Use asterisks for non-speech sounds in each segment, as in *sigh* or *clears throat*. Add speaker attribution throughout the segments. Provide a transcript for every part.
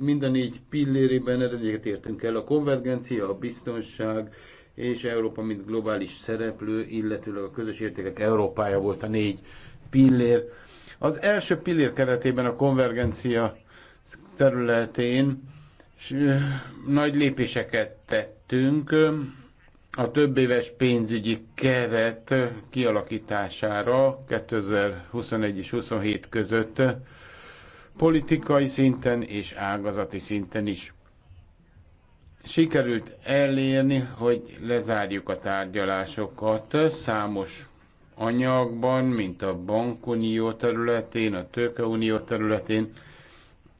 Speaker 1: Mind a négy pillérében eredményeket értünk el. A konvergencia, a biztonság és Európa, mint globális szereplő, illetőleg a közös értékek Európája volt a négy pillér. Az első pillér keretében a konvergencia területén nagy lépéseket tettünk a több éves pénzügyi keret kialakítására 2021 és 27 között politikai szinten és ágazati szinten is. Sikerült elérni, hogy lezárjuk a tárgyalásokat számos anyagban, mint a bankunió területén, a tőkeunió területén,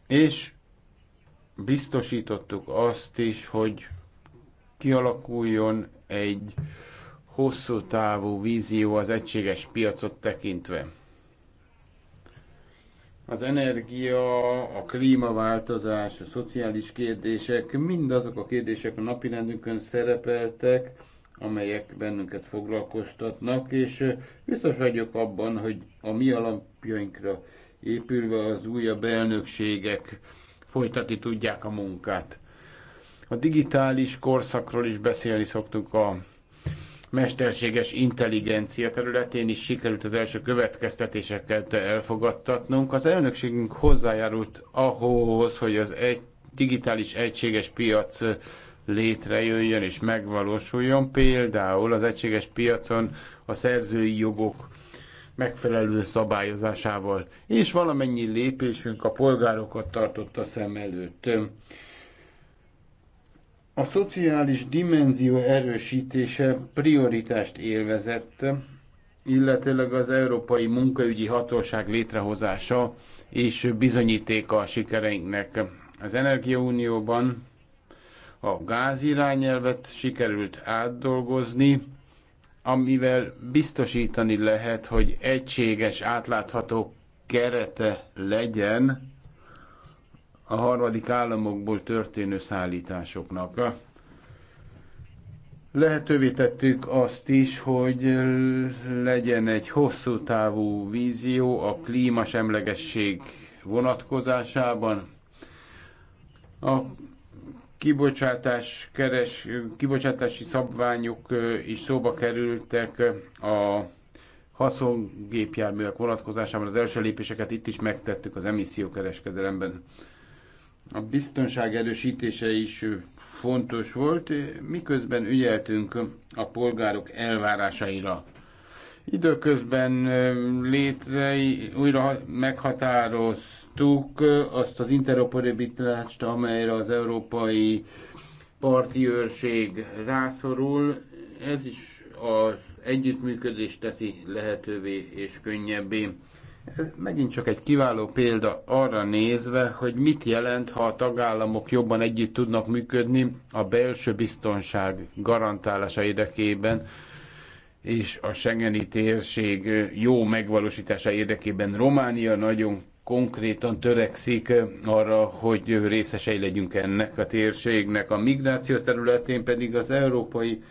Speaker 1: és biztosítottuk azt is, hogy kialakuljon egy hosszú távú vízió az egységes piacot tekintve. Az energia, a klímaváltozás, a szociális kérdések, mind azok a kérdések a napirendünkön szerepeltek, amelyek bennünket foglalkoztatnak, és biztos vagyok abban, hogy a mi alapjainkra épülve az újabb elnökségek folytatni tudják a munkát. A digitális korszakról is beszélni szoktunk a mesterséges intelligencia területén is sikerült az első következtetéseket elfogadtatnunk. Az elnökségünk hozzájárult ahhoz, hogy az egy digitális egységes piac létrejöjjön és megvalósuljon. Például az egységes piacon a szerzői jogok megfelelő szabályozásával, és valamennyi lépésünk a polgárokat tartotta szem előtt. A szociális dimenzió erősítése prioritást élvezett, illetőleg az Európai Munkaügyi Hatóság létrehozása és bizonyítéka a sikereinknek. Az Energiaunióban a gázirányelvet sikerült átdolgozni, amivel biztosítani lehet, hogy egységes, átlátható kerete legyen a harmadik államokból történő szállításoknak. Lehetővé tettük azt is, hogy legyen egy hosszú távú vízió a klímasemlegesség vonatkozásában. A kibocsátás keres, kibocsátási szabványok is szóba kerültek a haszongépjárművek vonatkozásában. Az első lépéseket itt is megtettük az emissziókereskedelemben a biztonság erősítése is fontos volt, miközben ügyeltünk a polgárok elvárásaira. Időközben létre újra meghatároztuk azt az interoperabilitást, amelyre az európai parti őrség rászorul. Ez is az együttműködést teszi lehetővé és könnyebbé. Ez megint csak egy kiváló példa arra nézve, hogy mit jelent, ha a tagállamok jobban együtt tudnak működni a belső biztonság garantálása érdekében, és a Schengeni térség jó megvalósítása érdekében Románia nagyon konkrétan törekszik arra, hogy részesei legyünk ennek a térségnek. A migráció területén pedig az európai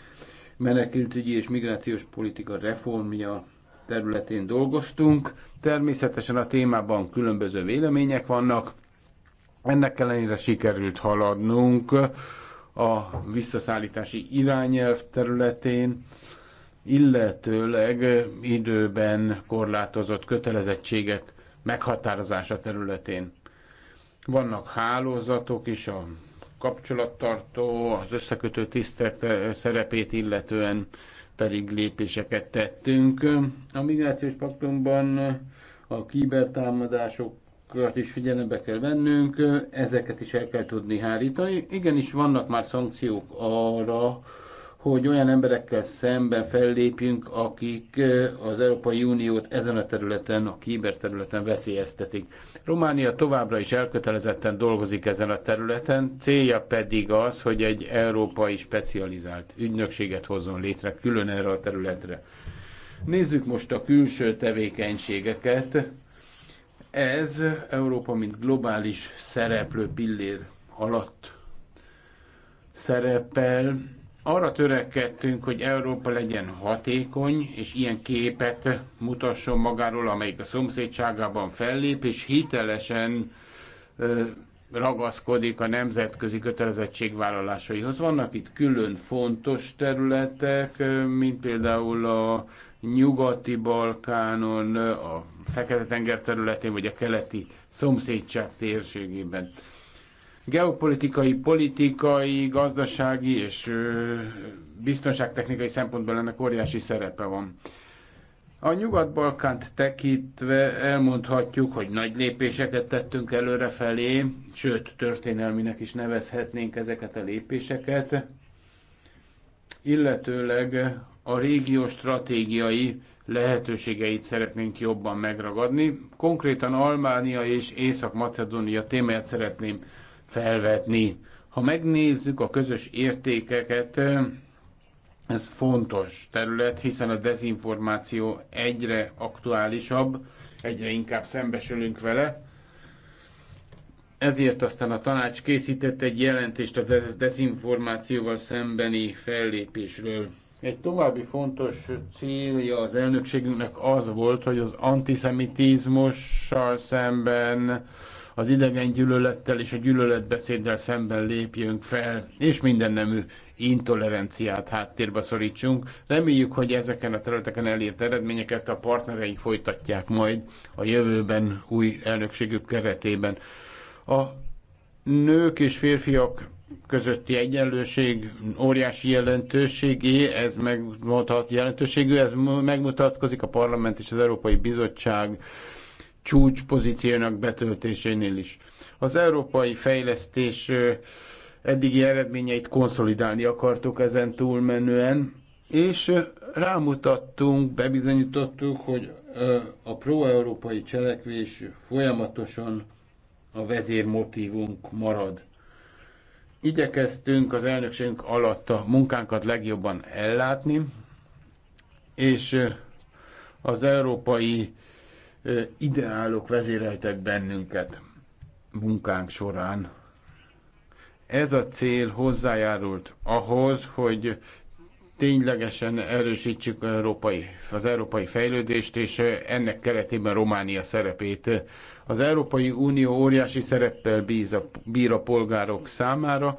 Speaker 1: menekültügyi és migrációs politika reformja területén dolgoztunk. Természetesen a témában különböző vélemények vannak, ennek ellenére sikerült haladnunk a visszaszállítási irányelv területén, illetőleg időben korlátozott kötelezettségek meghatározása területén. Vannak hálózatok is, a kapcsolattartó, az összekötő tisztek szerepét illetően pedig lépéseket tettünk. A migrációs paktumban a kibertámadásokat is figyelembe kell vennünk, ezeket is el kell tudni hárítani. Igenis vannak már szankciók arra, hogy olyan emberekkel szemben fellépjünk, akik az Európai Uniót ezen a területen, a kiberterületen veszélyeztetik. Románia továbbra is elkötelezetten dolgozik ezen a területen, célja pedig az, hogy egy európai specializált ügynökséget hozzon létre külön erre a területre. Nézzük most a külső tevékenységeket. Ez Európa, mint globális szereplő pillér alatt szerepel, arra törekedtünk, hogy Európa legyen hatékony, és ilyen képet mutasson magáról, amelyik a szomszédságában fellép, és hitelesen ragaszkodik a nemzetközi kötelezettségvállalásaihoz. Vannak itt külön fontos területek, mint például a nyugati Balkánon, a Fekete-tenger területén, vagy a keleti szomszédság térségében geopolitikai, politikai, gazdasági és biztonságtechnikai szempontból ennek óriási szerepe van. A Nyugat-Balkánt tekintve elmondhatjuk, hogy nagy lépéseket tettünk előre felé, sőt, történelminek is nevezhetnénk ezeket a lépéseket, illetőleg a régió stratégiai lehetőségeit szeretnénk jobban megragadni. Konkrétan Almánia és Észak-Macedónia témáját szeretném felvetni. Ha megnézzük a közös értékeket, ez fontos terület, hiszen a dezinformáció egyre aktuálisabb, egyre inkább szembesülünk vele. Ezért aztán a tanács készített egy jelentést a dezinformációval szembeni fellépésről. Egy további fontos célja az elnökségünknek az volt, hogy az antiszemitizmussal szemben az idegen gyűlölettel és a gyűlöletbeszéddel szemben lépjünk fel, és minden nemű intoleranciát háttérbe szorítsunk. Reméljük, hogy ezeken a területeken elért eredményeket a partnereink folytatják majd a jövőben új elnökségük keretében. A nők és férfiak közötti egyenlőség óriási jelentőségé, ez megmutat, jelentőségű, ez megmutatkozik a parlament és az Európai Bizottság csúcs pozíciónak betöltésénél is. Az európai fejlesztés eddigi eredményeit konszolidálni akartuk ezen túlmenően, és rámutattunk, bebizonyítottuk, hogy a pro-európai cselekvés folyamatosan a vezérmotívunk marad. Igyekeztünk az elnökségünk alatt a munkánkat legjobban ellátni, és az európai ideálok vezéreltek bennünket munkánk során. Ez a cél hozzájárult ahhoz, hogy ténylegesen erősítsük az európai, az európai fejlődést, és ennek keretében Románia szerepét. Az Európai Unió óriási szereppel bíz a, bír a polgárok számára,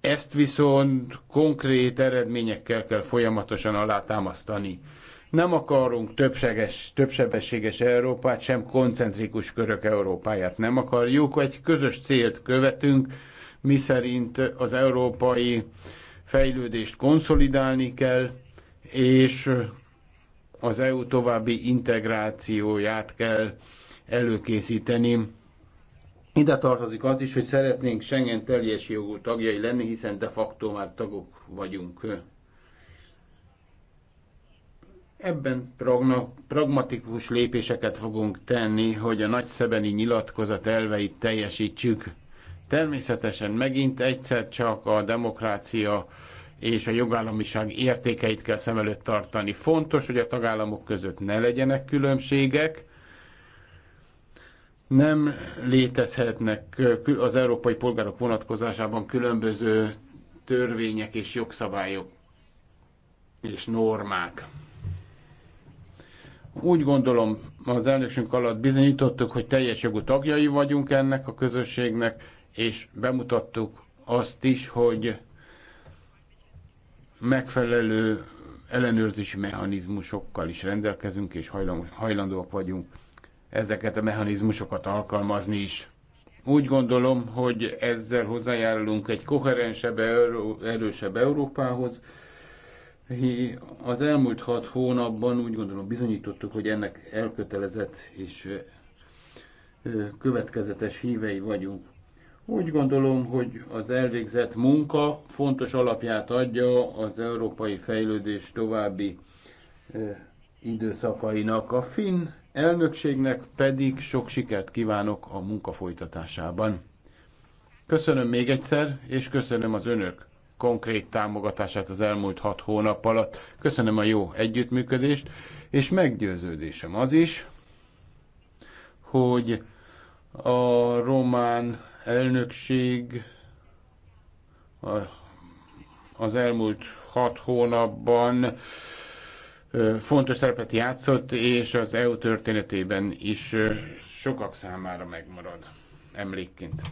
Speaker 1: ezt viszont konkrét eredményekkel kell folyamatosan alátámasztani. Nem akarunk többseges, többsebességes Európát, sem koncentrikus körök Európáját nem akarjuk. Egy közös célt követünk, miszerint az európai fejlődést konszolidálni kell, és az EU további integrációját kell előkészíteni. Ide tartozik az is, hogy szeretnénk Schengen teljes jogú tagjai lenni, hiszen de facto már tagok vagyunk. Ebben pragmatikus lépéseket fogunk tenni, hogy a nagyszebeni nyilatkozat elveit teljesítsük. Természetesen megint egyszer csak a demokrácia és a jogállamiság értékeit kell szem előtt tartani. Fontos, hogy a tagállamok között ne legyenek különbségek, nem létezhetnek az európai polgárok vonatkozásában különböző törvények és jogszabályok és normák. Úgy gondolom, az elnöksünk alatt bizonyítottuk, hogy teljes jogú tagjai vagyunk ennek a közösségnek, és bemutattuk azt is, hogy megfelelő ellenőrzési mechanizmusokkal is rendelkezünk, és hajlandóak vagyunk ezeket a mechanizmusokat alkalmazni is. Úgy gondolom, hogy ezzel hozzájárulunk egy koherensebb, erősebb Európához, az elmúlt hat hónapban úgy gondolom bizonyítottuk, hogy ennek elkötelezett és következetes hívei vagyunk. Úgy gondolom, hogy az elvégzett munka fontos alapját adja az európai fejlődés további időszakainak. A finn elnökségnek pedig sok sikert kívánok a munka folytatásában. Köszönöm még egyszer, és köszönöm az önök konkrét támogatását az elmúlt hat hónap alatt. Köszönöm a jó együttműködést, és meggyőződésem az is, hogy a román elnökség az elmúlt hat hónapban fontos szerepet játszott, és az EU történetében is sokak számára megmarad emlékként.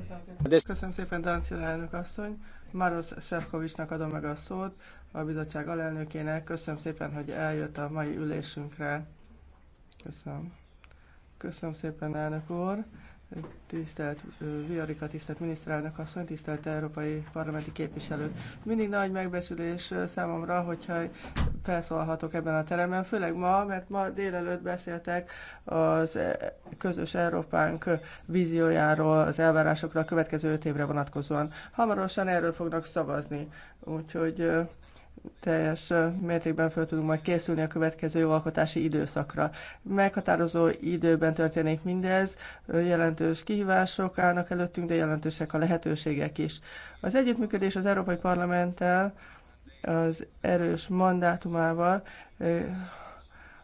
Speaker 1: Köszönöm
Speaker 2: szépen, Köszönöm szépen Dancila elnök asszony. Maros Sefcovicsnak adom meg a szót, a bizottság alelnökének. Köszönöm szépen, hogy eljött a mai ülésünkre. Köszönöm. Köszönöm szépen, elnök úr tisztelt Viarika, tisztelt miniszterelnök asszony, tisztelt európai parlamenti képviselő. Mindig nagy megbecsülés számomra, hogyha felszólhatok ebben a teremben, főleg ma, mert ma délelőtt beszéltek az e, közös Európánk víziójáról, az elvárásokra a következő öt évre vonatkozóan. Hamarosan erről fognak szavazni, úgyhogy teljes mértékben fel tudunk majd készülni a következő jogalkotási időszakra. Meghatározó időben történik mindez, jelentős kihívások állnak előttünk, de jelentősek a lehetőségek is. Az együttműködés az Európai Parlamenttel az erős mandátumával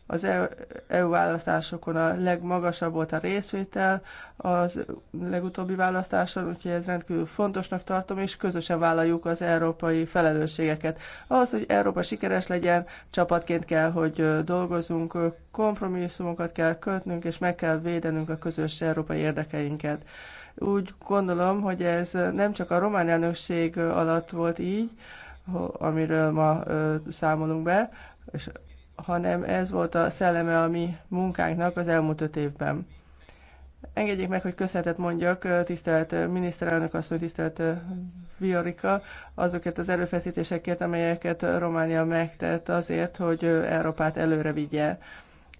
Speaker 2: az EU e választásokon a legmagasabb volt a részvétel az legutóbbi választáson, úgyhogy ez rendkívül fontosnak tartom, és közösen vállaljuk az európai felelősségeket. Ahhoz, hogy Európa sikeres legyen, csapatként kell, hogy dolgozunk, kompromisszumokat kell kötnünk, és meg kell védenünk a közös európai érdekeinket. Úgy gondolom, hogy ez nem csak a román elnökség alatt volt így, amiről ma számolunk be, és hanem ez volt a szelleme a mi munkánknak az elmúlt öt évben. Engedjék meg, hogy köszönetet mondjak, tisztelt miniszterelnök asszony, tisztelt Viorika, azokért az erőfeszítésekért, amelyeket Románia megtett azért, hogy Európát előre vigye.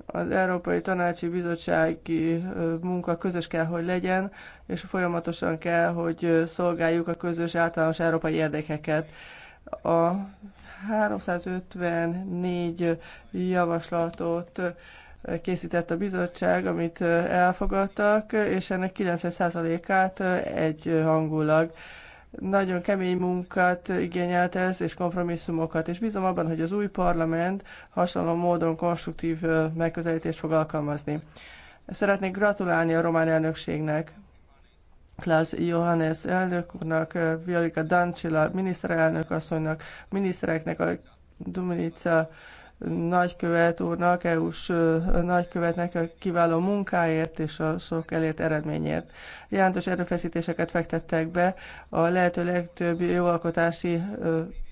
Speaker 2: Az Európai Tanácsi Bizottsági munka közös kell, hogy legyen, és folyamatosan kell, hogy szolgáljuk a közös általános európai érdekeket. A 354 javaslatot készített a bizottság, amit elfogadtak, és ennek 90%-át egyhangulag nagyon kemény munkát igényelt ez, és kompromisszumokat, és bízom abban, hogy az új parlament hasonló módon konstruktív megközelítést fog alkalmazni. Szeretnék gratulálni a román elnökségnek. Klaus Johannes elnök úrnak, Violika Dancsila miniszterelnök asszonynak, minisztereknek, a Dominica nagykövet úrnak, EU-s nagykövetnek a kiváló munkáért és a sok elért eredményért. Jelentős erőfeszítéseket fektettek be, a lehető legtöbb jogalkotási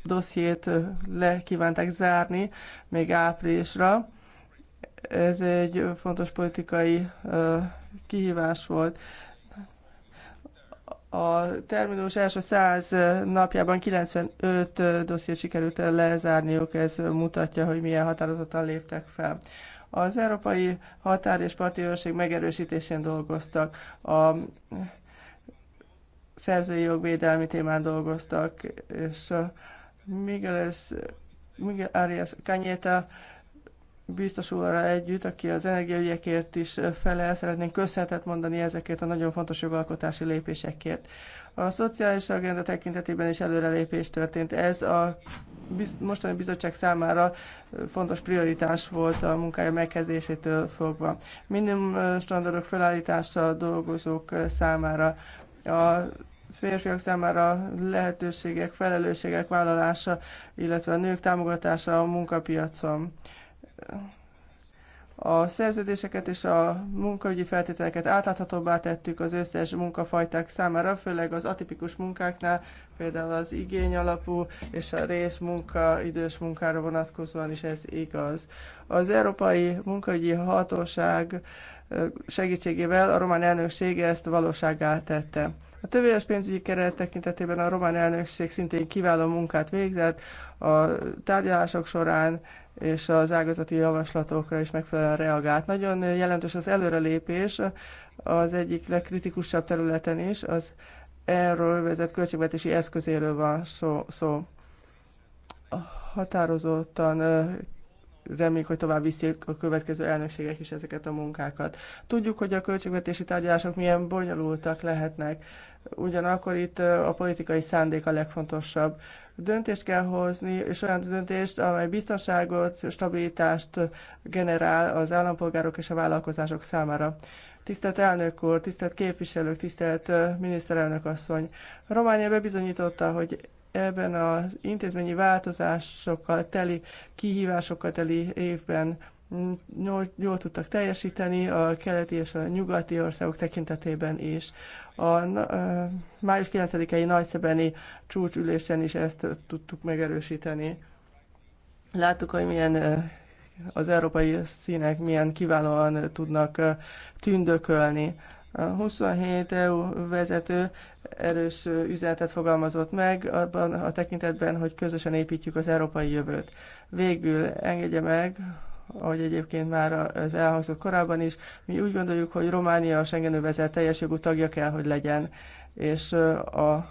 Speaker 2: dossziét le kívánták zárni még áprilisra. Ez egy fontos politikai kihívás volt. A terminus első 100 napjában 95 dossziét sikerült lezárniuk, ez mutatja, hogy milyen határozottan léptek fel az Európai Határ és Parti Őrség megerősítésén dolgoztak, a szerzői jogvédelmi témán dolgoztak, és Miguel, Miguel Arias Cañeta biztos úrra együtt, aki az energiaügyekért is felel, szeretnénk köszönetet mondani ezekért a nagyon fontos jogalkotási lépésekért. A szociális agenda tekintetében is előrelépés történt. Ez a mostani bizottság számára fontos prioritás volt a munkája megkezdésétől fogva. Minimum standardok felállítása a dolgozók számára, a férfiak számára lehetőségek, felelősségek vállalása, illetve a nők támogatása a munkapiacon a szerződéseket és a munkaügyi feltételeket átláthatóbbá tettük az összes munkafajták számára, főleg az atipikus munkáknál, például az igény alapú és a rész munka, idős munkára vonatkozóan is ez igaz. Az Európai Munkaügyi Hatóság segítségével a román elnökség ezt valóságá tette. A tövéles pénzügyi keret tekintetében a román elnökség szintén kiváló munkát végzett, a tárgyalások során és az ágazati javaslatokra is megfelelően reagált. Nagyon jelentős az előrelépés az egyik legkritikusabb területen is, az erről vezet költségvetési eszközéről van szó. szó. Határozottan reméljük, hogy tovább viszik a következő elnökségek is ezeket a munkákat. Tudjuk, hogy a költségvetési tárgyalások milyen bonyolultak lehetnek, ugyanakkor itt a politikai szándék a legfontosabb. Döntést kell hozni, és olyan döntést, amely biztonságot, stabilitást generál az állampolgárok és a vállalkozások számára. Tisztelt elnök úr, tisztelt képviselők, tisztelt miniszterelnök asszony. Románia bebizonyította, hogy ebben az intézményi változásokkal teli, kihívásokkal teli évben jól, tudtak teljesíteni a keleti és a nyugati országok tekintetében is. A, a május 9-i nagyszebeni csúcsülésen is ezt tudtuk megerősíteni. Láttuk, hogy milyen az európai színek milyen kiválóan tudnak tündökölni. A 27 EU vezető erős üzenetet fogalmazott meg abban a tekintetben, hogy közösen építjük az európai jövőt. Végül engedje meg, ahogy egyébként már az elhangzott korábban is, mi úgy gondoljuk, hogy Románia a Schengen övezet teljes jogú tagja kell, hogy legyen, és a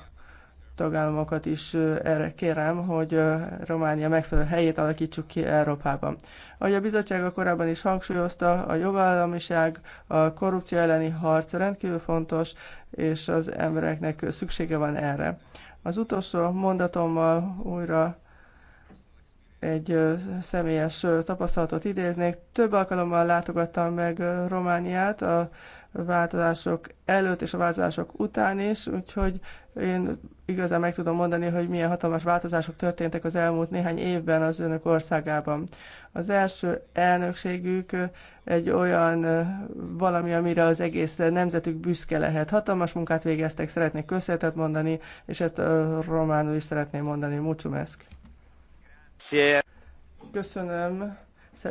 Speaker 2: tagállamokat is erre kérem, hogy Románia megfelelő helyét alakítsuk ki Európában. Ahogy a bizottság korábban is hangsúlyozta, a jogállamiság, a korrupció elleni harc rendkívül fontos, és az embereknek szüksége van erre. Az utolsó mondatommal újra egy személyes tapasztalatot idéznék. Több alkalommal látogattam meg Romániát a változások előtt és a változások után is, úgyhogy én igazán meg tudom mondani, hogy milyen hatalmas változások történtek az elmúlt néhány évben az önök országában. Az első elnökségük egy olyan valami, amire az egész nemzetük büszke lehet. Hatalmas munkát végeztek, szeretnék köszönetet mondani, és ezt románul is szeretném mondani. Mucsumeszk! Köszönöm,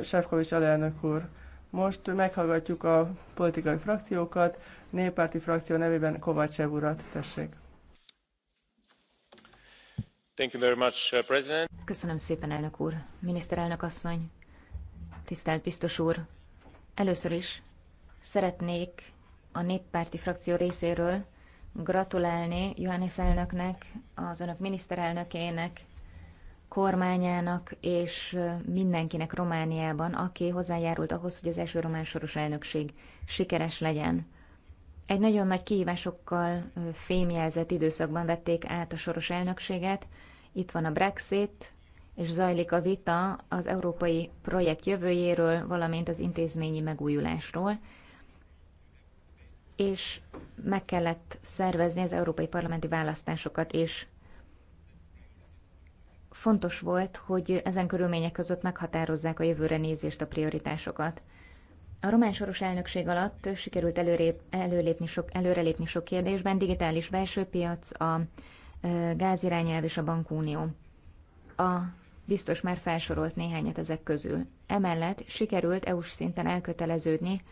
Speaker 2: Sefkovics alelnök úr. Most meghallgatjuk a politikai frakciókat. Néppárti frakció nevében Kovácsev urat, tessék.
Speaker 1: Thank you very much, uh, President.
Speaker 3: Köszönöm szépen, elnök úr, miniszterelnök asszony, tisztelt biztos úr. Először is szeretnék a néppárti frakció részéről gratulálni Johannes elnöknek, az önök miniszterelnökének, kormányának és mindenkinek Romániában, aki hozzájárult ahhoz, hogy az első román soros elnökség sikeres legyen. Egy nagyon nagy kihívásokkal fémjelzett időszakban vették át a soros elnökséget. Itt van a Brexit, és zajlik a vita az európai projekt jövőjéről, valamint az intézményi megújulásról, és meg kellett szervezni az európai parlamenti választásokat is fontos volt, hogy ezen körülmények között meghatározzák a jövőre nézvést a prioritásokat. A román soros elnökség alatt sikerült előrébb, előlépni sok, előrelépni sok kérdésben, digitális belső piac, a e, gázirányelv és a bankunió. A biztos már felsorolt néhányat ezek közül. Emellett sikerült EU-s szinten elköteleződni,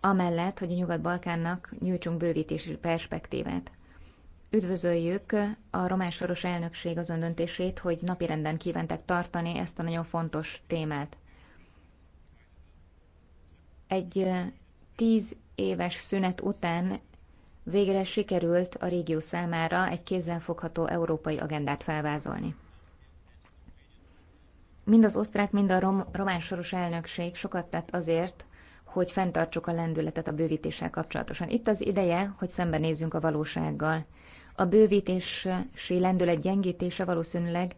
Speaker 3: amellett, hogy a Nyugat-Balkánnak nyújtsunk bővítési perspektívát. Üdvözöljük a román soros elnökség azon döntését, hogy napirenden kívánták tartani ezt a nagyon fontos témát. Egy tíz éves szünet után végre sikerült a régió számára egy kézzelfogható európai agendát felvázolni. Mind az osztrák, mind a rom- román soros elnökség sokat tett azért, hogy fenntartsuk a lendületet a bővítéssel kapcsolatosan. Itt az ideje, hogy szembenézzünk a valósággal a bővítési lendület gyengítése valószínűleg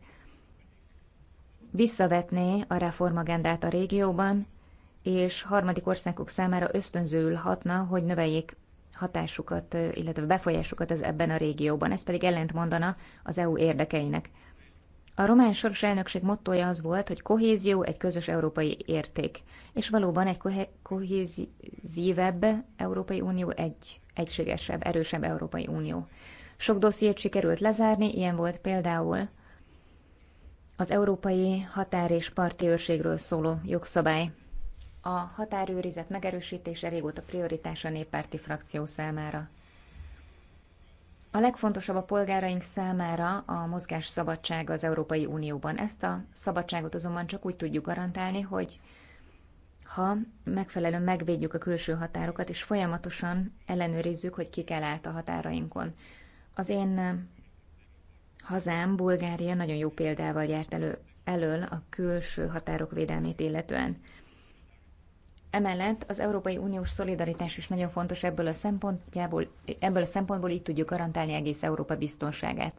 Speaker 3: visszavetné a reformagendát a régióban, és harmadik országok számára ösztönzőül hatna, hogy növeljék hatásukat, illetve befolyásukat ez ebben a régióban. Ez pedig ellent mondana az EU érdekeinek. A román soros elnökség mottoja az volt, hogy kohézió egy közös európai érték, és valóban egy kohézívebb Európai Unió egy egységesebb, erősebb Európai Unió. Sok dossziét sikerült lezárni, ilyen volt például az Európai Határ és Parti Őrségről szóló jogszabály. A határőrizet megerősítése régóta prioritás a néppárti frakció számára. A legfontosabb a polgáraink számára a mozgás szabadság az Európai Unióban. Ezt a szabadságot azonban csak úgy tudjuk garantálni, hogy ha megfelelően megvédjük a külső határokat, és folyamatosan ellenőrizzük, hogy kik el át a határainkon. Az én hazám, Bulgária nagyon jó példával járt elő, elől a külső határok védelmét illetően. Emellett az Európai Uniós szolidaritás is nagyon fontos ebből a szempontjából, ebből a szempontból így tudjuk garantálni egész Európa biztonságát.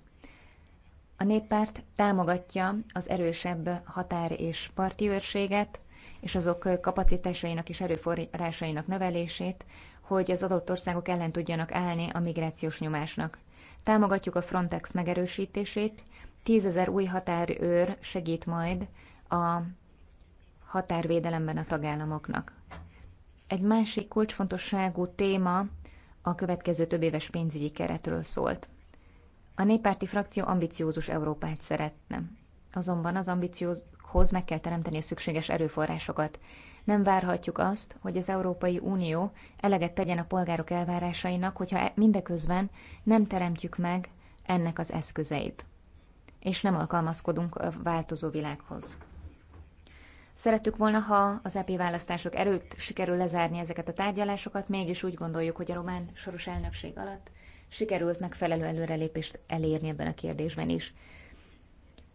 Speaker 3: A néppárt támogatja az erősebb határ és parti őrséget, és azok kapacitásainak és erőforrásainak növelését, hogy az adott országok ellen tudjanak állni a migrációs nyomásnak. Támogatjuk a Frontex megerősítését, tízezer új határőr segít majd a határvédelemben a tagállamoknak. Egy másik kulcsfontosságú téma a következő több éves pénzügyi keretről szólt. A néppárti frakció ambiciózus Európát szeretne. Azonban az ambícióhoz meg kell teremteni a szükséges erőforrásokat. Nem várhatjuk azt, hogy az Európai Unió eleget tegyen a polgárok elvárásainak, hogyha e- mindeközben nem teremtjük meg ennek az eszközeit, és nem alkalmazkodunk a változó világhoz. Szerettük volna, ha az EP választások erőt sikerül lezárni ezeket a tárgyalásokat, mégis úgy gondoljuk, hogy a román soros elnökség alatt sikerült megfelelő előrelépést elérni ebben a kérdésben is.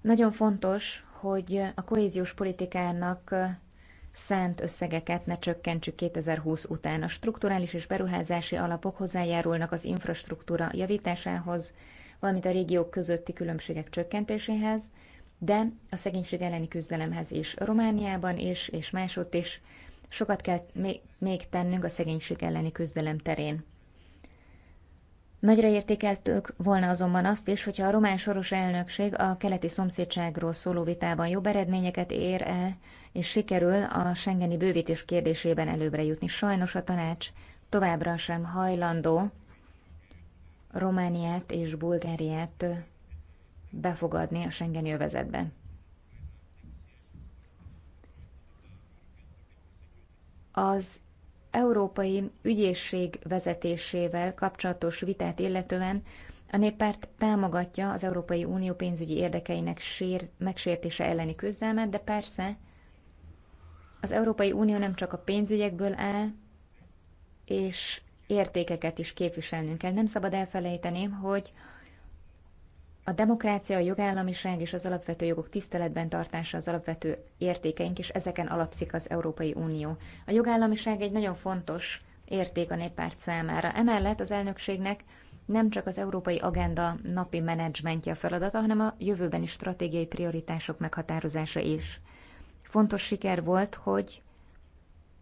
Speaker 3: Nagyon fontos, hogy a kohéziós politikának szánt összegeket ne csökkentsük 2020 után. A strukturális és beruházási alapok hozzájárulnak az infrastruktúra javításához, valamint a régiók közötti különbségek csökkentéséhez, de a szegénység elleni küzdelemhez is. Romániában is és másutt is sokat kell még tennünk a szegénység elleni küzdelem terén. Nagyra értékeltük volna azonban azt is, hogyha a román soros elnökség a keleti szomszédságról szóló vitában jobb eredményeket ér el, és sikerül a Schengeni bővítés kérdésében előbbre jutni. Sajnos a tanács továbbra sem hajlandó Romániát és Bulgáriát befogadni a Schengeni övezetbe. Az Európai Ügyészség vezetésével kapcsolatos vitát illetően a néppárt támogatja az Európai Unió pénzügyi érdekeinek sér, megsértése elleni küzdelmet, de persze az Európai Unió nem csak a pénzügyekből áll, és értékeket is képviselnünk kell. Nem szabad elfelejteni, hogy a demokrácia, a jogállamiság és az alapvető jogok tiszteletben tartása az alapvető értékeink, és ezeken alapszik az Európai Unió. A jogállamiság egy nagyon fontos érték a néppárt számára. Emellett az elnökségnek nem csak az európai agenda napi menedzsmentje a feladata, hanem a jövőbeni stratégiai prioritások meghatározása is. Fontos siker volt, hogy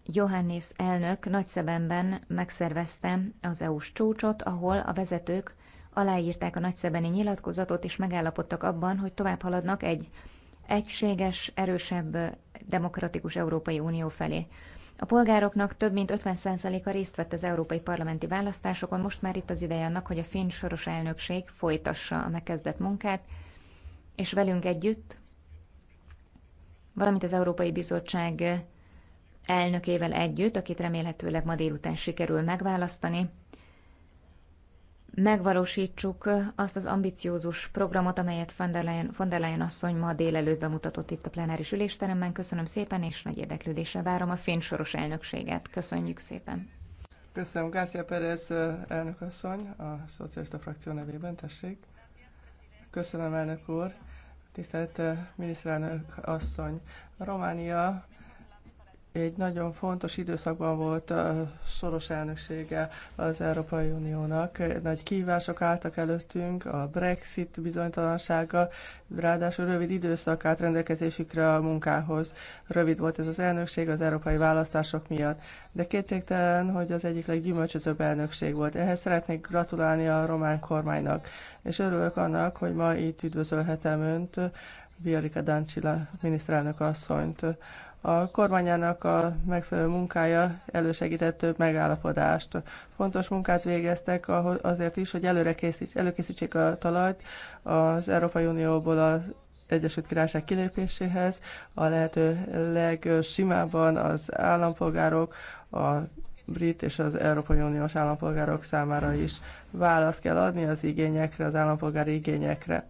Speaker 3: Johannes elnök nagyszebenben megszervezte az EU-s csúcsot, ahol a vezetők aláírták a nagyszebeni nyilatkozatot, és megállapodtak abban, hogy tovább haladnak egy egységes, erősebb, demokratikus Európai Unió felé. A polgároknak több mint 50%-a részt vett az európai parlamenti választásokon, most már itt az ideje annak, hogy a finn soros elnökség folytassa a megkezdett munkát, és velünk együtt, valamint az Európai Bizottság elnökével együtt, akit remélhetőleg ma délután sikerül megválasztani, megvalósítsuk azt az ambiciózus programot, amelyet von der, Leyen, von der Leyen asszony ma délelőtt bemutatott itt a plenáris ülésteremben. Köszönöm szépen, és nagy érdeklődésre várom a fénysoros elnökséget. Köszönjük szépen!
Speaker 2: Köszönöm, Gárcia Pérez elnök asszony, a szocialista frakció nevében, tessék. Köszönöm, elnök úr. Tisztelt miniszterelnök asszony, Románia egy nagyon fontos időszakban volt a soros elnöksége az Európai Uniónak. Nagy kívások álltak előttünk, a Brexit bizonytalansága, ráadásul rövid időszak állt rendelkezésükre a munkához. Rövid volt ez az elnökség az európai választások miatt, de kétségtelen, hogy az egyik leggyümölcsözőbb elnökség volt. Ehhez szeretnék gratulálni a román kormánynak, és örülök annak, hogy ma itt üdvözölhetem Önt, Viorica Dancsila miniszterelnök asszonyt a kormányának a megfelelő munkája elősegített több megállapodást. Fontos munkát végeztek azért is, hogy előre előkészítsék a talajt az Európai Unióból az Egyesült Királyság kilépéséhez, a lehető legsimában az állampolgárok, a brit és az Európai Uniós állampolgárok számára is választ kell adni az igényekre, az állampolgári igényekre.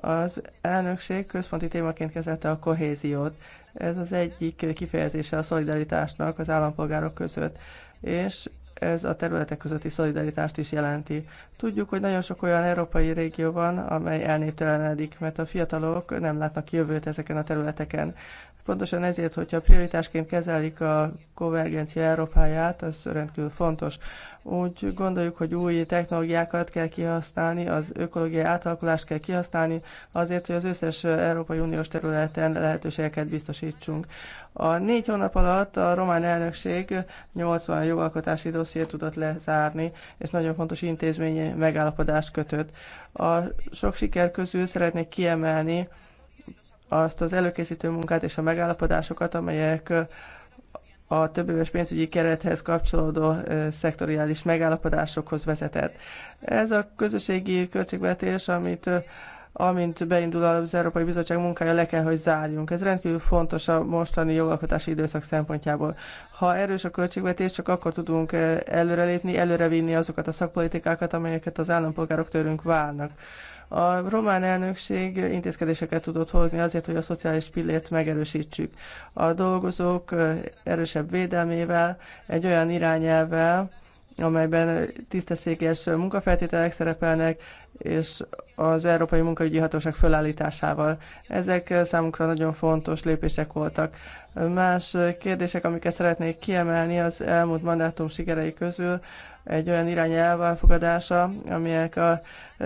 Speaker 2: Az elnökség központi témaként kezelte a kohéziót. Ez az egyik kifejezése a szolidaritásnak az állampolgárok között, és ez a területek közötti szolidaritást is jelenti. Tudjuk, hogy nagyon sok olyan európai régió van, amely elnéptelenedik, mert a fiatalok nem látnak jövőt ezeken a területeken. Pontosan ezért, hogyha prioritásként kezelik a konvergencia Európáját, az rendkívül fontos. Úgy gondoljuk, hogy új technológiákat kell kihasználni, az ökológiai átalakulást kell kihasználni, azért, hogy az összes Európai Uniós területen lehetőségeket biztosítsunk. A négy hónap alatt a román elnökség 80 jogalkotási dossziét tudott lezárni, és nagyon fontos intézményi megállapodást kötött. A sok siker közül szeretnék kiemelni azt az előkészítő munkát és a megállapodásokat, amelyek a éves pénzügyi kerethez kapcsolódó szektoriális megállapodásokhoz vezetett. Ez a közösségi költségvetés, amit amint beindul az Európai Bizottság munkája, le kell, hogy zárjunk. Ez rendkívül fontos a mostani jogalkotási időszak szempontjából. Ha erős a költségvetés, csak akkor tudunk előrelépni, előrevinni azokat a szakpolitikákat, amelyeket az állampolgárok törünk válnak. A román elnökség intézkedéseket tudott hozni azért, hogy a szociális pillért megerősítsük. A dolgozók erősebb védelmével, egy olyan irányelvel, amelyben tisztességes munkafeltételek szerepelnek, és az Európai Munkaügyi Hatóság fölállításával. Ezek számunkra nagyon fontos lépések voltak. Más kérdések, amiket szeretnék kiemelni az elmúlt mandátum sikerei közül, egy olyan irány elfogadása, amelyek a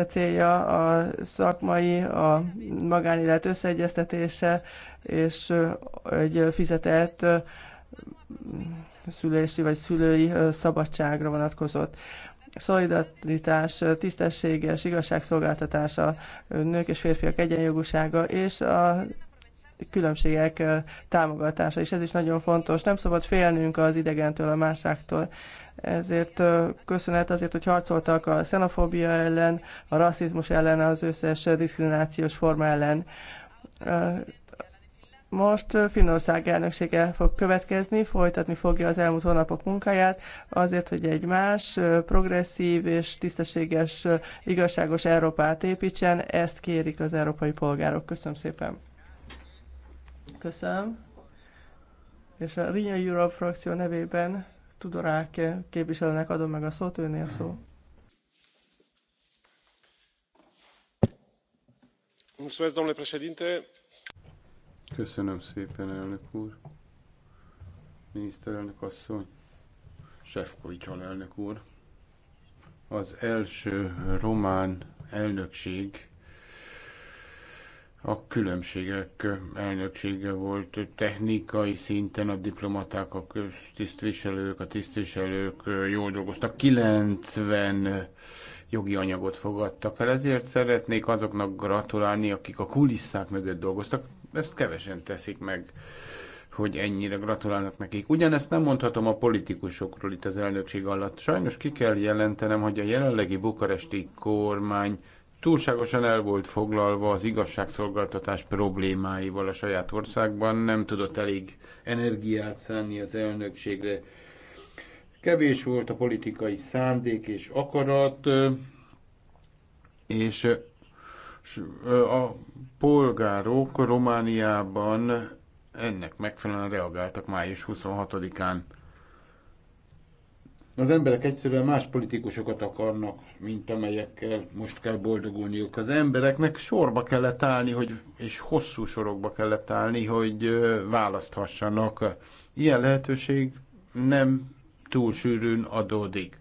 Speaker 2: célja a szakmai, a magánélet összeegyeztetése és egy fizetett szülési vagy szülői szabadságra vonatkozott szolidaritás, tisztességes igazságszolgáltatása, nők és férfiak egyenjogúsága és a különbségek támogatása, és ez is nagyon fontos. Nem szabad félnünk az idegentől, a másságtól ezért köszönet azért, hogy harcoltak a xenofóbia ellen, a rasszizmus ellen, az összes diszkriminációs forma ellen. Most Finnország elnöksége fog következni, folytatni fogja az elmúlt hónapok munkáját, azért, hogy egy más, progresszív és tisztességes, igazságos Európát építsen, ezt kérik az európai polgárok. Köszönöm szépen. Köszönöm. És a Renew Europe frakció nevében Tudorák képviselőnek adom meg a szót, őnél szó.
Speaker 1: Köszönöm szépen, elnök úr. Miniszterelnök asszony, Sefkovics alelnök úr. Az első román elnökség a különbségek elnöksége volt technikai szinten, a diplomaták, a tisztviselők, a tisztviselők jól dolgoztak, 90 jogi anyagot fogadtak el, ezért szeretnék azoknak gratulálni, akik a kulisszák mögött dolgoztak, ezt kevesen teszik meg hogy ennyire gratulálnak nekik. Ugyanezt nem mondhatom a politikusokról itt az elnökség alatt. Sajnos ki kell jelentenem, hogy a jelenlegi bukaresti kormány túlságosan el volt foglalva az igazságszolgáltatás problémáival a saját országban, nem tudott elég energiát szánni az elnökségre. Kevés volt a politikai szándék és akarat, és a polgárok Romániában ennek megfelelően reagáltak május 26-án. Az emberek egyszerűen más politikusokat akarnak, mint amelyekkel most kell boldogulniuk. Az embereknek sorba kellett állni, hogy, és hosszú sorokba kellett állni, hogy választhassanak. Ilyen lehetőség nem túl sűrűn adódik.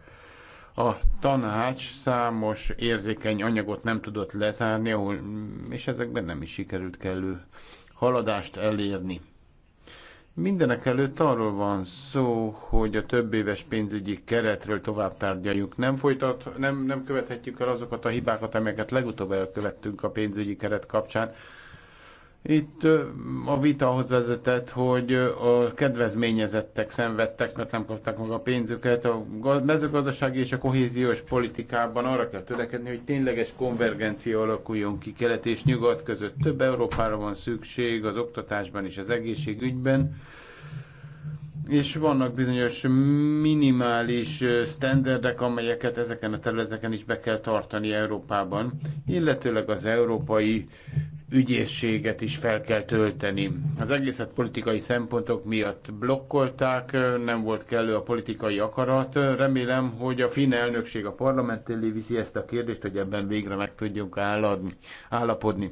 Speaker 1: A tanács számos érzékeny anyagot nem tudott lezárni, ahol, és ezekben nem is sikerült kellő haladást elérni. Mindenek előtt arról van szó, hogy a több éves pénzügyi keretről tovább tárgyaljuk. Nem, folytat, nem, nem követhetjük el azokat a hibákat, amelyeket legutóbb elkövettünk a pénzügyi keret kapcsán. Itt a vita ahhoz vezetett, hogy a kedvezményezettek szenvedtek, mert nem kapták meg a pénzüket. A mezőgazdasági és a kohéziós politikában arra kell törekedni, hogy tényleges konvergencia alakuljon ki kelet és nyugat között. Több Európára van szükség az oktatásban és az egészségügyben és vannak bizonyos minimális sztenderdek, amelyeket ezeken a területeken is be kell tartani Európában, illetőleg az európai ügyészséget is fel kell tölteni. Az egészet politikai szempontok miatt blokkolták, nem volt kellő a politikai akarat. Remélem, hogy a finn elnökség a parlament elé viszi ezt a kérdést, hogy ebben végre meg tudjunk álladni, állapodni.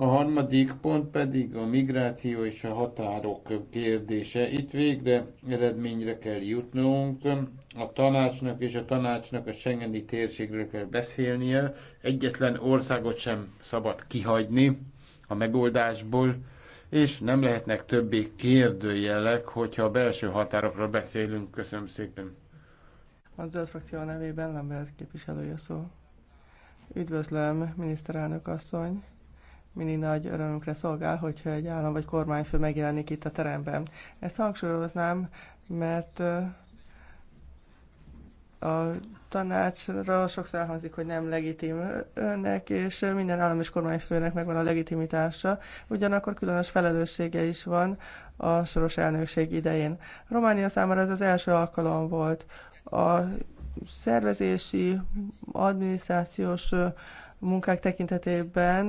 Speaker 1: A harmadik pont pedig a migráció és a határok kérdése. Itt végre eredményre kell jutnunk. A tanácsnak és a tanácsnak a Schengeni térségről kell beszélnie. Egyetlen országot sem szabad kihagyni a megoldásból, és nem lehetnek többé kérdőjelek, hogyha a belső határokról beszélünk. Köszönöm szépen.
Speaker 2: A zöld frakció nevében Lambert képviselője szó. Üdvözlöm, miniszterelnök asszony! mindig nagy örömünkre szolgál, hogyha egy állam vagy kormányfő megjelenik itt a teremben. Ezt hangsúlyoznám, mert a tanácsra sokszor elhangzik, hogy nem legitim önnek, és minden állam és kormányfőnek megvan a legitimitása, ugyanakkor különös felelőssége is van a soros elnökség idején. Románia számára ez az első alkalom volt. A szervezési, adminisztrációs munkák tekintetében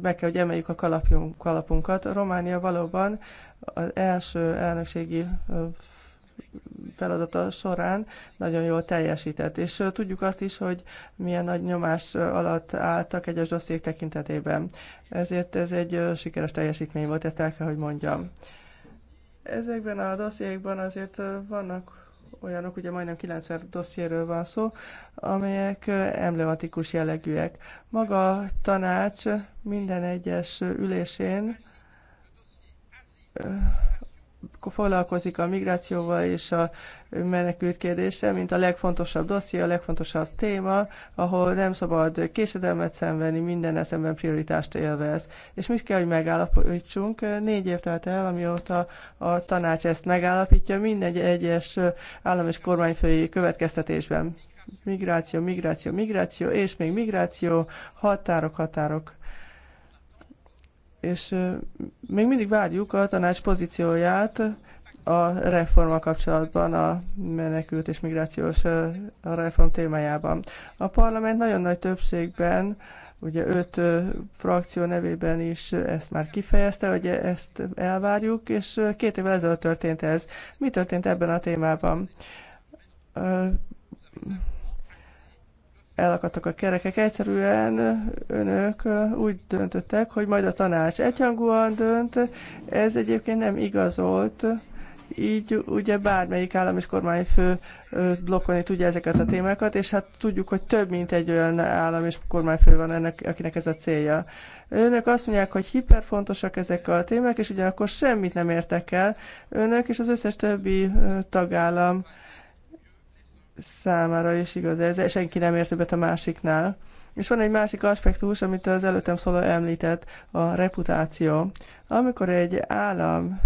Speaker 2: be kell, hogy emeljük a kalapjunk, kalapunkat. Románia valóban az első elnökségi feladata során nagyon jól teljesített. És tudjuk azt is, hogy milyen nagy nyomás alatt álltak egyes dossziék tekintetében. Ezért ez egy sikeres teljesítmény volt, ezt el kell, hogy mondjam. Ezekben a dossziékban azért vannak olyanok, ugye majdnem 90 dossziéről van szó, amelyek emblematikus jellegűek. Maga a tanács minden egyes ülésén foglalkozik a migrációval és a menekült kérdése, mint a legfontosabb dosszi, a legfontosabb téma, ahol nem szabad késedelmet szenvedni, minden eszemben prioritást élvez. És mit kell, hogy megállapítsunk? Négy év telt el, amióta a tanács ezt megállapítja, minden egyes állam és kormányfői következtetésben. Migráció, migráció, migráció, és még migráció, határok, határok és még mindig várjuk a tanács pozícióját a reforma kapcsolatban, a menekült és migrációs reform témájában. A parlament nagyon nagy többségben, ugye öt frakció nevében is ezt már kifejezte, hogy ezt elvárjuk, és két évvel ezelőtt történt ez. Mi történt ebben a témában? elakadtak a kerekek. Egyszerűen önök úgy döntöttek, hogy majd a tanács egyhangúan dönt. Ez egyébként nem igazolt. Így ugye bármelyik állam és kormányfő blokkolni tudja ezeket a témákat, és hát tudjuk, hogy több mint egy olyan állam és kormányfő van ennek, akinek ez a célja. Önök azt mondják, hogy hiperfontosak ezek a témák, és ugyanakkor semmit nem értek el. Önök és az összes többi tagállam számára is igaz ez, senki nem ért többet a másiknál. És van egy másik aspektus, amit az előttem szóló említett, a reputáció. Amikor egy állam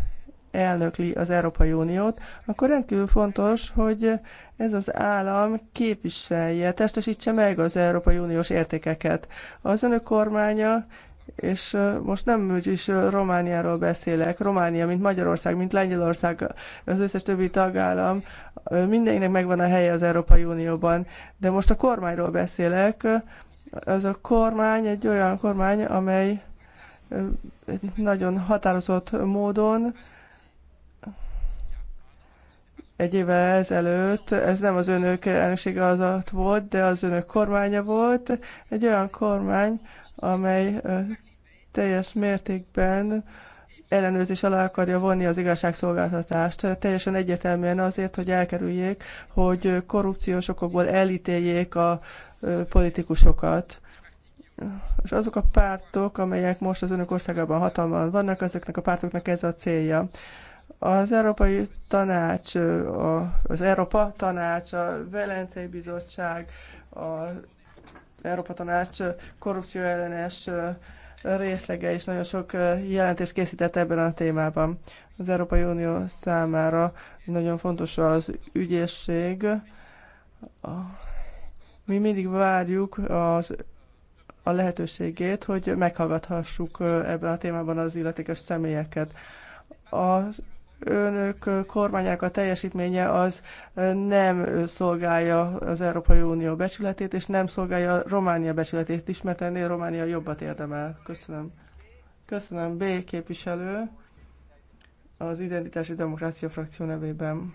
Speaker 2: elnökli az Európai Uniót, akkor rendkívül fontos, hogy ez az állam képviselje, testesítse meg az Európai Uniós értékeket. Az önök kormánya és most nem is Romániáról beszélek. Románia, mint Magyarország, mint Lengyelország, az összes többi tagállam, mindenkinek megvan a helye az Európai Unióban. De most a kormányról beszélek. ez a kormány egy olyan kormány, amely nagyon határozott módon egy évvel ezelőtt, ez nem az önök elnöksége az volt, de az önök kormánya volt, egy olyan kormány, amely teljes mértékben ellenőrzés alá akarja vonni az igazságszolgáltatást. Teljesen egyértelműen azért, hogy elkerüljék, hogy korrupciós okokból elítéljék a politikusokat. És azok a pártok, amelyek most az önök országában hatalman vannak, ezeknek a pártoknak ez a célja. Az Európai Tanács, az Európa Tanács, a Velencei Bizottság, a Európa Tanács korrupció ellenes részlege is nagyon sok jelentést készített ebben a témában. Az Európai Unió számára nagyon fontos az ügyészség. Mi mindig várjuk az, a lehetőségét, hogy meghallgathassuk ebben a témában az illetékes személyeket. Az önök kormányának a teljesítménye az nem szolgálja az Európai Unió becsületét, és nem szolgálja a Románia becsületét is, mert ennél Románia jobbat érdemel. Köszönöm. Köszönöm. B képviselő az Identitási Demokrácia frakció nevében.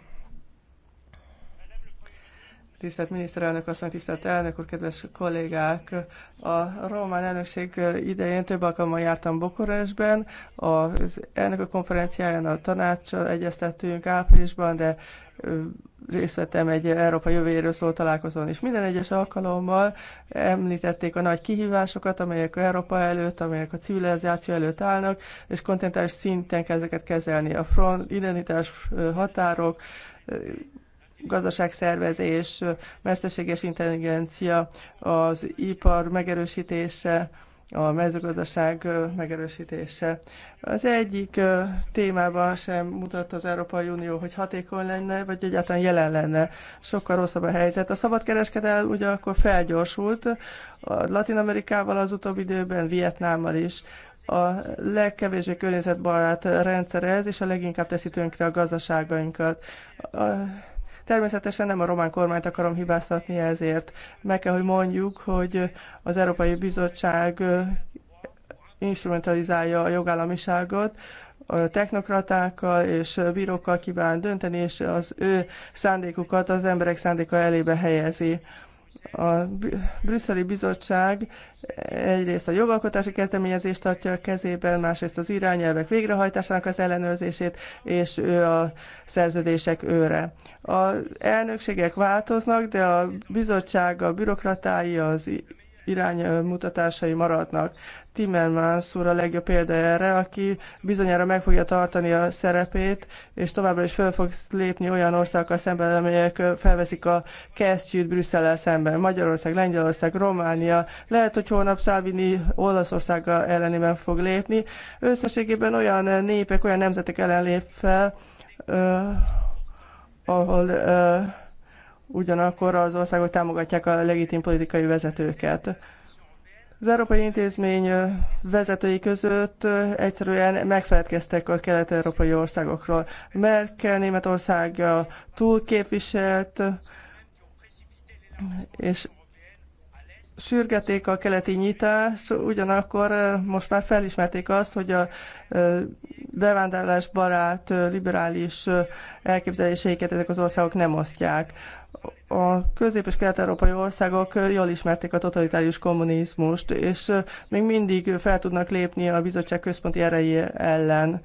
Speaker 2: Tisztelt miniszterelnök asszony, tisztelt elnök úr, kedves kollégák! A román elnökség idején több alkalommal jártam Bokoresben. az elnök konferenciáján a tanácssal egyeztettünk áprilisban, de részt vettem egy Európa jövőjéről szóló találkozón, is minden egyes alkalommal említették a nagy kihívásokat, amelyek Európa előtt, amelyek a civilizáció előtt állnak, és kontinentális szinten kell ezeket kezelni. A front, identitás határok, gazdaságszervezés, mesterséges intelligencia, az ipar megerősítése, a mezőgazdaság megerősítése. Az egyik témában sem mutat az Európai Unió, hogy hatékony lenne, vagy egyáltalán jelen lenne. Sokkal rosszabb a helyzet. A szabadkereskedelem ugyanakkor felgyorsult, Latin Amerikával az utóbbi időben, Vietnámmal is a legkevésbé környezetbarát rendszerez, és a leginkább teszi tönkre a gazdaságainkat. A Természetesen nem a román kormányt akarom hibáztatni ezért. Meg kell, hogy mondjuk, hogy az Európai Bizottság instrumentalizálja a jogállamiságot, a technokratákkal és bírókkal kíván dönteni, és az ő szándékukat az emberek szándéka elébe helyezi a brüsszeli bizottság egyrészt a jogalkotási kezdeményezést tartja a kezében, másrészt az irányelvek végrehajtásának az ellenőrzését, és ő a szerződések őre. A elnökségek változnak, de a bizottság, a bürokratái, az iránymutatásai maradnak. Timmermans úr a legjobb példa erre, aki bizonyára meg fogja tartani a szerepét, és továbbra is föl fog lépni olyan országokkal szemben, amelyek felveszik a kesztyűt brüsszel szemben. Magyarország, Lengyelország, Románia. Lehet, hogy holnap Szávini Olaszországa ellenében fog lépni. Összességében olyan népek, olyan nemzetek ellen lép fel, uh, ahol uh, ugyanakkor az országok támogatják a legitim politikai vezetőket. Az európai intézmény vezetői között egyszerűen megfeledkeztek a kelet-európai országokról. Merkel Németország túlképviselt, és sürgeték a keleti nyitás, ugyanakkor most már felismerték azt, hogy a bevándorlás barát, liberális elképzeléseiket ezek az országok nem osztják. A közép- és kelet-európai országok jól ismerték a totalitárius kommunizmust, és még mindig fel tudnak lépni a bizottság központi erei ellen,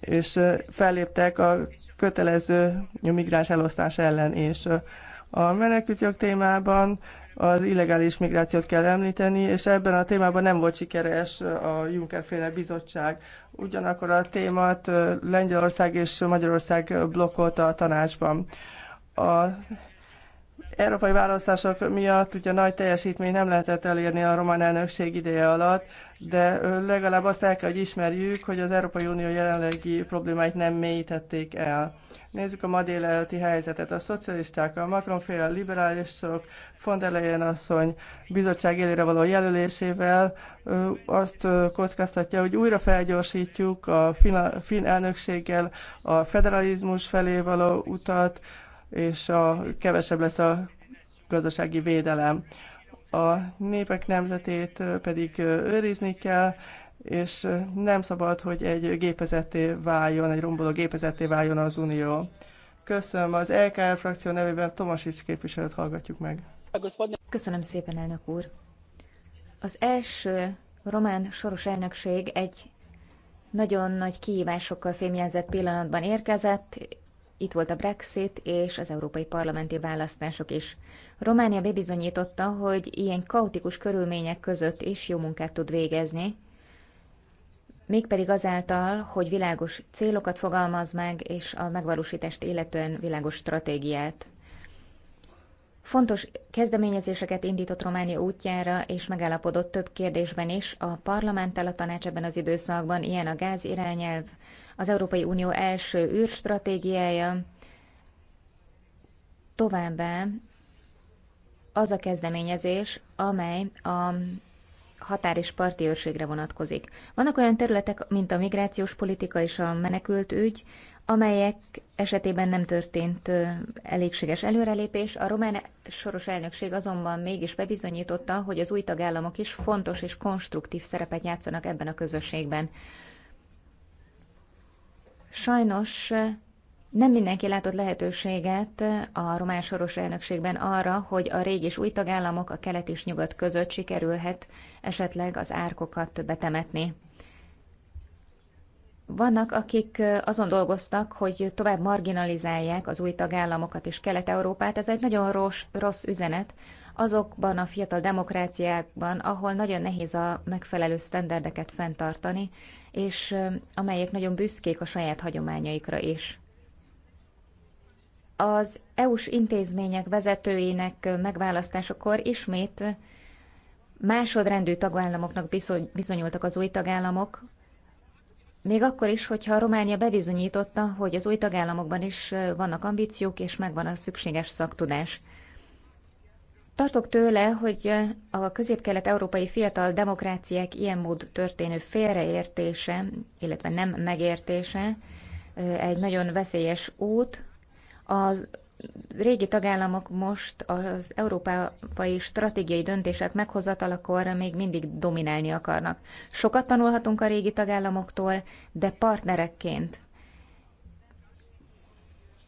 Speaker 2: és felléptek a kötelező migráns elosztás ellen, és a menekültjog témában az illegális migrációt kell említeni, és ebben a témában nem volt sikeres a Juncker féle bizottság. Ugyanakkor a témát Lengyelország és Magyarország blokkolta a tanácsban. A európai választások miatt ugye nagy teljesítményt nem lehetett elérni a román elnökség ideje alatt, de legalább azt el kell, hogy ismerjük, hogy az Európai Unió jelenlegi problémáit nem mélyítették el. Nézzük a ma délelőtti helyzetet. A szocialisták, a Macronféle, a liberálisok, von der Leyen asszony bizottság élére való jelölésével azt kockáztatja, hogy újra felgyorsítjuk a finn elnökséggel a federalizmus felé való utat, és a kevesebb lesz a gazdasági védelem. A népek nemzetét pedig őrizni kell, és nem szabad, hogy egy gépezetté váljon, egy romboló gépezetté váljon az Unió. Köszönöm. Az LKR frakció nevében Tomasics képviselőt hallgatjuk meg.
Speaker 3: Köszönöm szépen, elnök úr. Az első román soros elnökség egy nagyon nagy kihívásokkal fémjelzett pillanatban érkezett, itt volt a Brexit és az európai parlamenti választások is. Románia bebizonyította, hogy ilyen kaotikus körülmények között is jó munkát tud végezni, mégpedig azáltal, hogy világos célokat fogalmaz meg, és a megvalósítást illetően világos stratégiát. Fontos kezdeményezéseket indított Románia útjára, és megállapodott több kérdésben is a parlamenttel a tanács ebben az időszakban, ilyen a gáz irányelv, az Európai Unió első űrstratégiája, továbbá az a kezdeményezés, amely a határ és parti őrségre vonatkozik. Vannak olyan területek, mint a migrációs politika és a menekült ügy, amelyek esetében nem történt elégséges előrelépés. A román soros elnökség azonban mégis bebizonyította, hogy az új tagállamok is fontos és konstruktív szerepet játszanak ebben a közösségben. Sajnos eh, nem mindenki látott lehetőséget eh, a román soros elnökségben arra, hogy a régi és új tagállamok a kelet és nyugat között sikerülhet esetleg az árkokat betemetni. Vannak, akik azon dolgoztak, hogy tovább marginalizálják az új tagállamokat és Kelet-Európát. Ez egy nagyon rossz, rossz üzenet azokban a fiatal demokráciákban, ahol nagyon nehéz a megfelelő sztenderdeket fenntartani, és amelyek nagyon büszkék a saját hagyományaikra is. Az EU-s intézmények vezetőinek megválasztásakor ismét másodrendű tagállamoknak bizonyultak az új tagállamok, még akkor is, hogyha Románia bebizonyította, hogy az új tagállamokban is vannak ambíciók, és megvan a szükséges szaktudás. Tartok tőle, hogy a közép-kelet-európai fiatal demokráciák ilyen mód történő félreértése, illetve nem megértése egy nagyon veszélyes út. Az régi tagállamok most az európai stratégiai döntések meghozatalakor még mindig dominálni akarnak. Sokat tanulhatunk a régi tagállamoktól, de partnerekként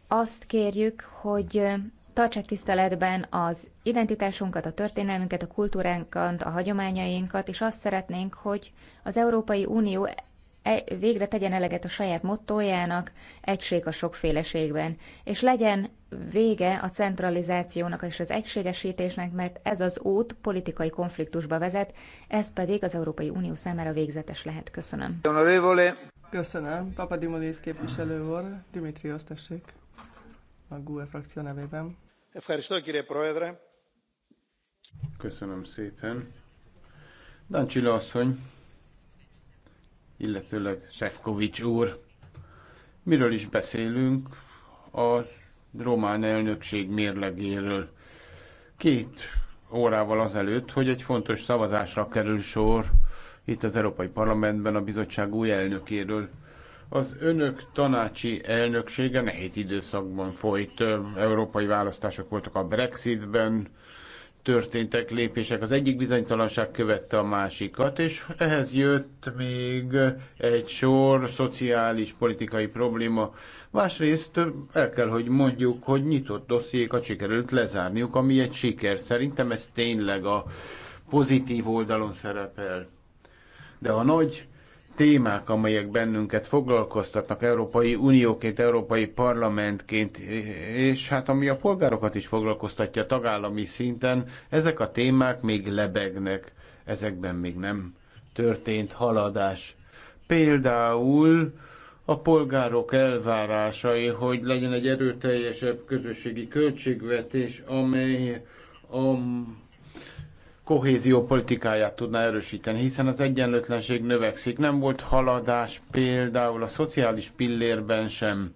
Speaker 3: azt kérjük, hogy tartsák tiszteletben az identitásunkat, a történelmünket, a kultúránkat, a hagyományainkat, és azt szeretnénk, hogy az Európai Unió e- végre tegyen eleget a saját mottójának, egység a sokféleségben, és legyen vége a centralizációnak és az egységesítésnek, mert ez az út politikai konfliktusba vezet, ez pedig az Európai Unió számára végzetes lehet. Köszönöm. Köszönöm.
Speaker 2: Papadimolis
Speaker 3: képviselő úr, Dimitrios tessék, a GUE frakció nevében.
Speaker 1: Köszönöm szépen. Dancsila asszony, illetőleg Sefkovics úr, miről is beszélünk, az román elnökség mérlegéről. Két órával azelőtt, hogy egy fontos szavazásra kerül sor itt az Európai Parlamentben a bizottság új elnökéről. Az önök tanácsi elnöksége nehéz időszakban folyt. Európai választások voltak a Brexitben, történtek lépések. Az egyik bizonytalanság követte a másikat, és ehhez jött még egy sor szociális, politikai probléma. Másrészt el kell, hogy mondjuk, hogy nyitott dossziékat sikerült lezárniuk, ami egy siker. Szerintem ez tényleg a pozitív oldalon szerepel. De a nagy témák, amelyek bennünket foglalkoztatnak Európai Unióként, Európai Parlamentként, és hát ami a polgárokat is foglalkoztatja tagállami szinten, ezek a témák még lebegnek, ezekben még nem történt haladás. Például a polgárok elvárásai, hogy legyen egy erőteljesebb közösségi költségvetés, amely a kohézió politikáját tudná erősíteni, hiszen az egyenlőtlenség növekszik. Nem volt haladás például a szociális pillérben sem.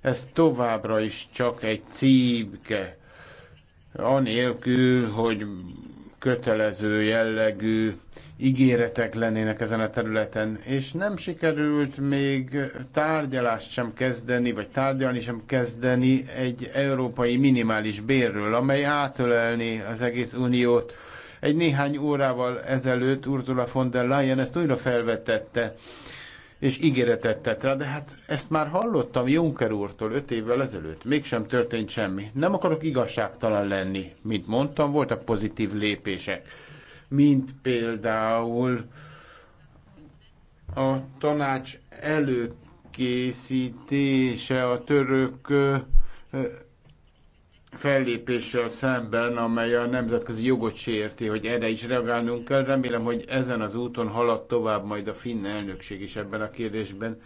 Speaker 1: Ez továbbra is csak egy címke, anélkül, hogy kötelező jellegű ígéretek lennének ezen a területen, és nem sikerült még tárgyalást sem kezdeni, vagy tárgyalni sem kezdeni egy európai minimális bérről, amely átölelni az egész uniót. Egy néhány órával ezelőtt Ursula von der Leyen ezt újra felvetette, és ígéretet tett rá, de hát ezt már hallottam Juncker úrtól öt évvel ezelőtt, mégsem történt semmi. Nem akarok igazságtalan lenni, mint mondtam, voltak pozitív lépések, mint például a tanács előkészítése a török fellépéssel szemben, amely a nemzetközi jogot sérti, hogy erre is reagálnunk kell. Remélem, hogy ezen az úton halad tovább majd a finn elnökség is ebben a kérdésben.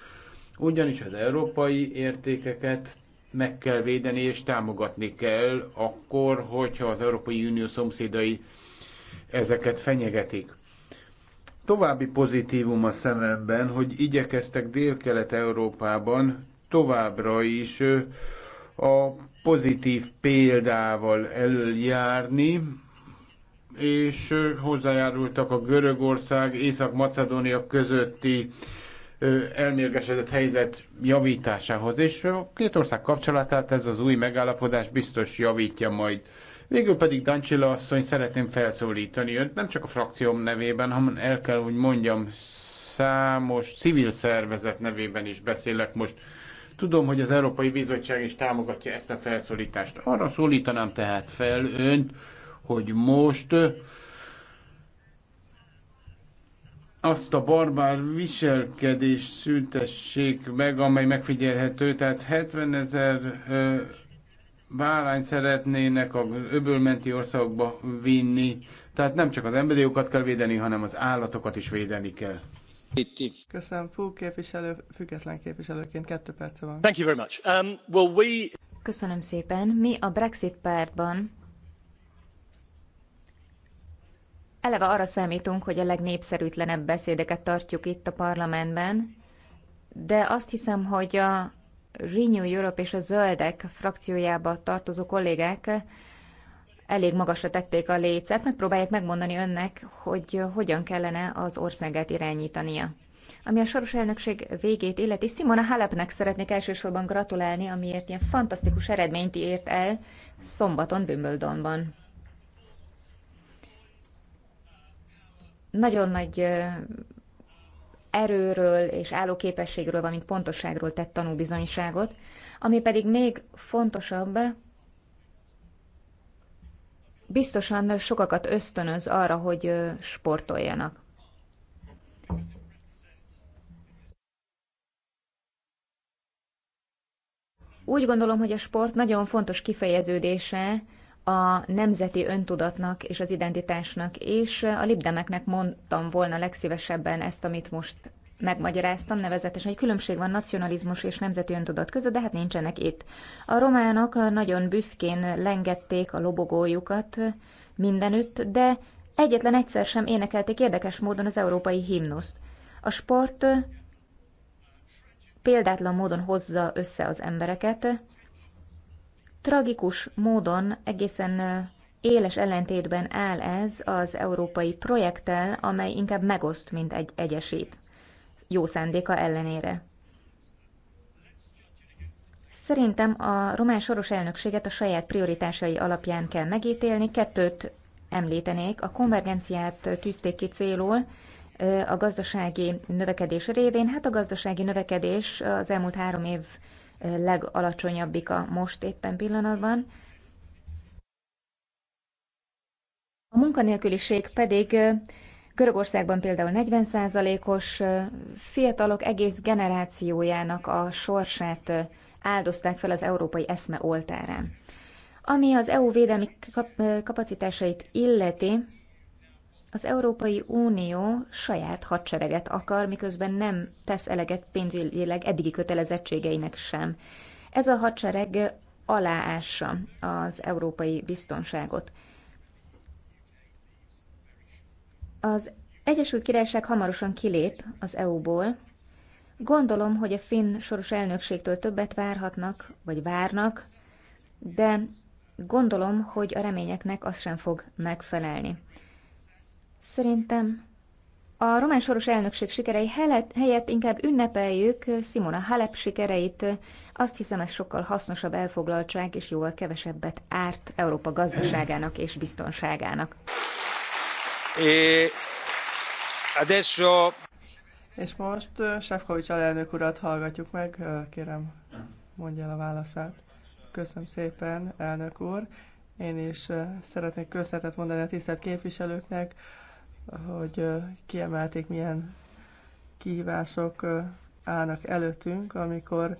Speaker 1: Ugyanis az európai értékeket meg kell védeni és támogatni kell akkor, hogyha az Európai Unió szomszédai ezeket fenyegetik. További pozitívum a szememben, hogy igyekeztek Dél-Kelet-Európában továbbra is a pozitív példával előjárni, és hozzájárultak a Görögország, Észak-Macedónia közötti elmérgesedett helyzet javításához, és a két ország kapcsolatát ez az új megállapodás biztos javítja majd. Végül pedig Dancsila asszony szeretném felszólítani önt, nem csak a frakcióm nevében, hanem el kell, hogy mondjam, számos civil szervezet nevében is beszélek most. Tudom, hogy az Európai Bizottság is támogatja ezt a felszólítást. Arra szólítanám tehát fel önt, hogy most azt a barbár viselkedést szüntessék meg, amely megfigyelhető. Tehát 70 ezer bárányt szeretnének az öbölmenti országokba vinni. Tehát nem csak az emberi jogokat kell védeni, hanem az állatokat is védeni kell.
Speaker 2: Köszönöm, képviselő, független
Speaker 3: képviselőként kettő
Speaker 1: perce van. Thank you very much.
Speaker 2: Um, well, we...
Speaker 3: Köszönöm szépen. Mi a Brexit pártban eleve arra számítunk, hogy a legnépszerűtlenebb beszédeket tartjuk itt a parlamentben, de azt hiszem, hogy a Renew Europe és a Zöldek frakciójába tartozó kollégák elég magasra tették a lécet, megpróbálják megmondani önnek, hogy hogyan kellene az országát irányítania. Ami a soros elnökség végét illeti, Simona Halepnek szeretnék elsősorban gratulálni, amiért ilyen fantasztikus eredményt ért el szombaton Wimbledonban. Nagyon nagy erőről és állóképességről, valamint pontosságról tett tanúbizonyságot, ami pedig még fontosabb, biztosan sokakat ösztönöz arra, hogy sportoljanak. Úgy gondolom, hogy a sport nagyon fontos kifejeződése a nemzeti öntudatnak és az identitásnak, és a libdemeknek mondtam volna legszívesebben ezt, amit most megmagyaráztam, nevezetesen, hogy különbség van nacionalizmus és nemzeti öntudat között, de hát nincsenek itt. A románok nagyon büszkén lengették a lobogójukat mindenütt, de egyetlen egyszer sem énekelték érdekes módon az európai himnuszt. A sport példátlan módon hozza össze az embereket, tragikus módon egészen éles ellentétben áll ez az európai projekttel, amely inkább megoszt, mint egy egyesít jó szándéka ellenére. Szerintem a román soros elnökséget a saját prioritásai alapján kell megítélni. Kettőt említenék. A konvergenciát tűzték ki célul a gazdasági növekedés révén. Hát a gazdasági növekedés az elmúlt három év legalacsonyabbik a most éppen pillanatban. A munkanélküliség pedig Görögországban például 40%-os fiatalok egész generációjának a sorsát áldozták fel az európai eszme oltárán. Ami az EU védelmi kapacitásait illeti, az Európai Unió saját hadsereget akar, miközben nem tesz eleget pénzügyileg eddigi kötelezettségeinek sem. Ez a hadsereg aláássa az európai biztonságot. Az Egyesült Királyság hamarosan kilép az EU-ból. Gondolom, hogy a finn soros elnökségtől többet várhatnak, vagy várnak, de gondolom, hogy a reményeknek az sem fog megfelelni. Szerintem a román soros elnökség sikerei helyett inkább ünnepeljük Simona Halep sikereit. Azt hiszem, ez sokkal hasznosabb elfoglaltság és jóval kevesebbet árt Európa gazdaságának és biztonságának. És most Sefkovics alelnök urat hallgatjuk
Speaker 2: meg, kérem mondja el a válaszát. Köszönöm szépen, elnök úr. Én is szeretnék köszönetet mondani a tisztelt képviselőknek, hogy kiemelték, milyen kihívások állnak előttünk, amikor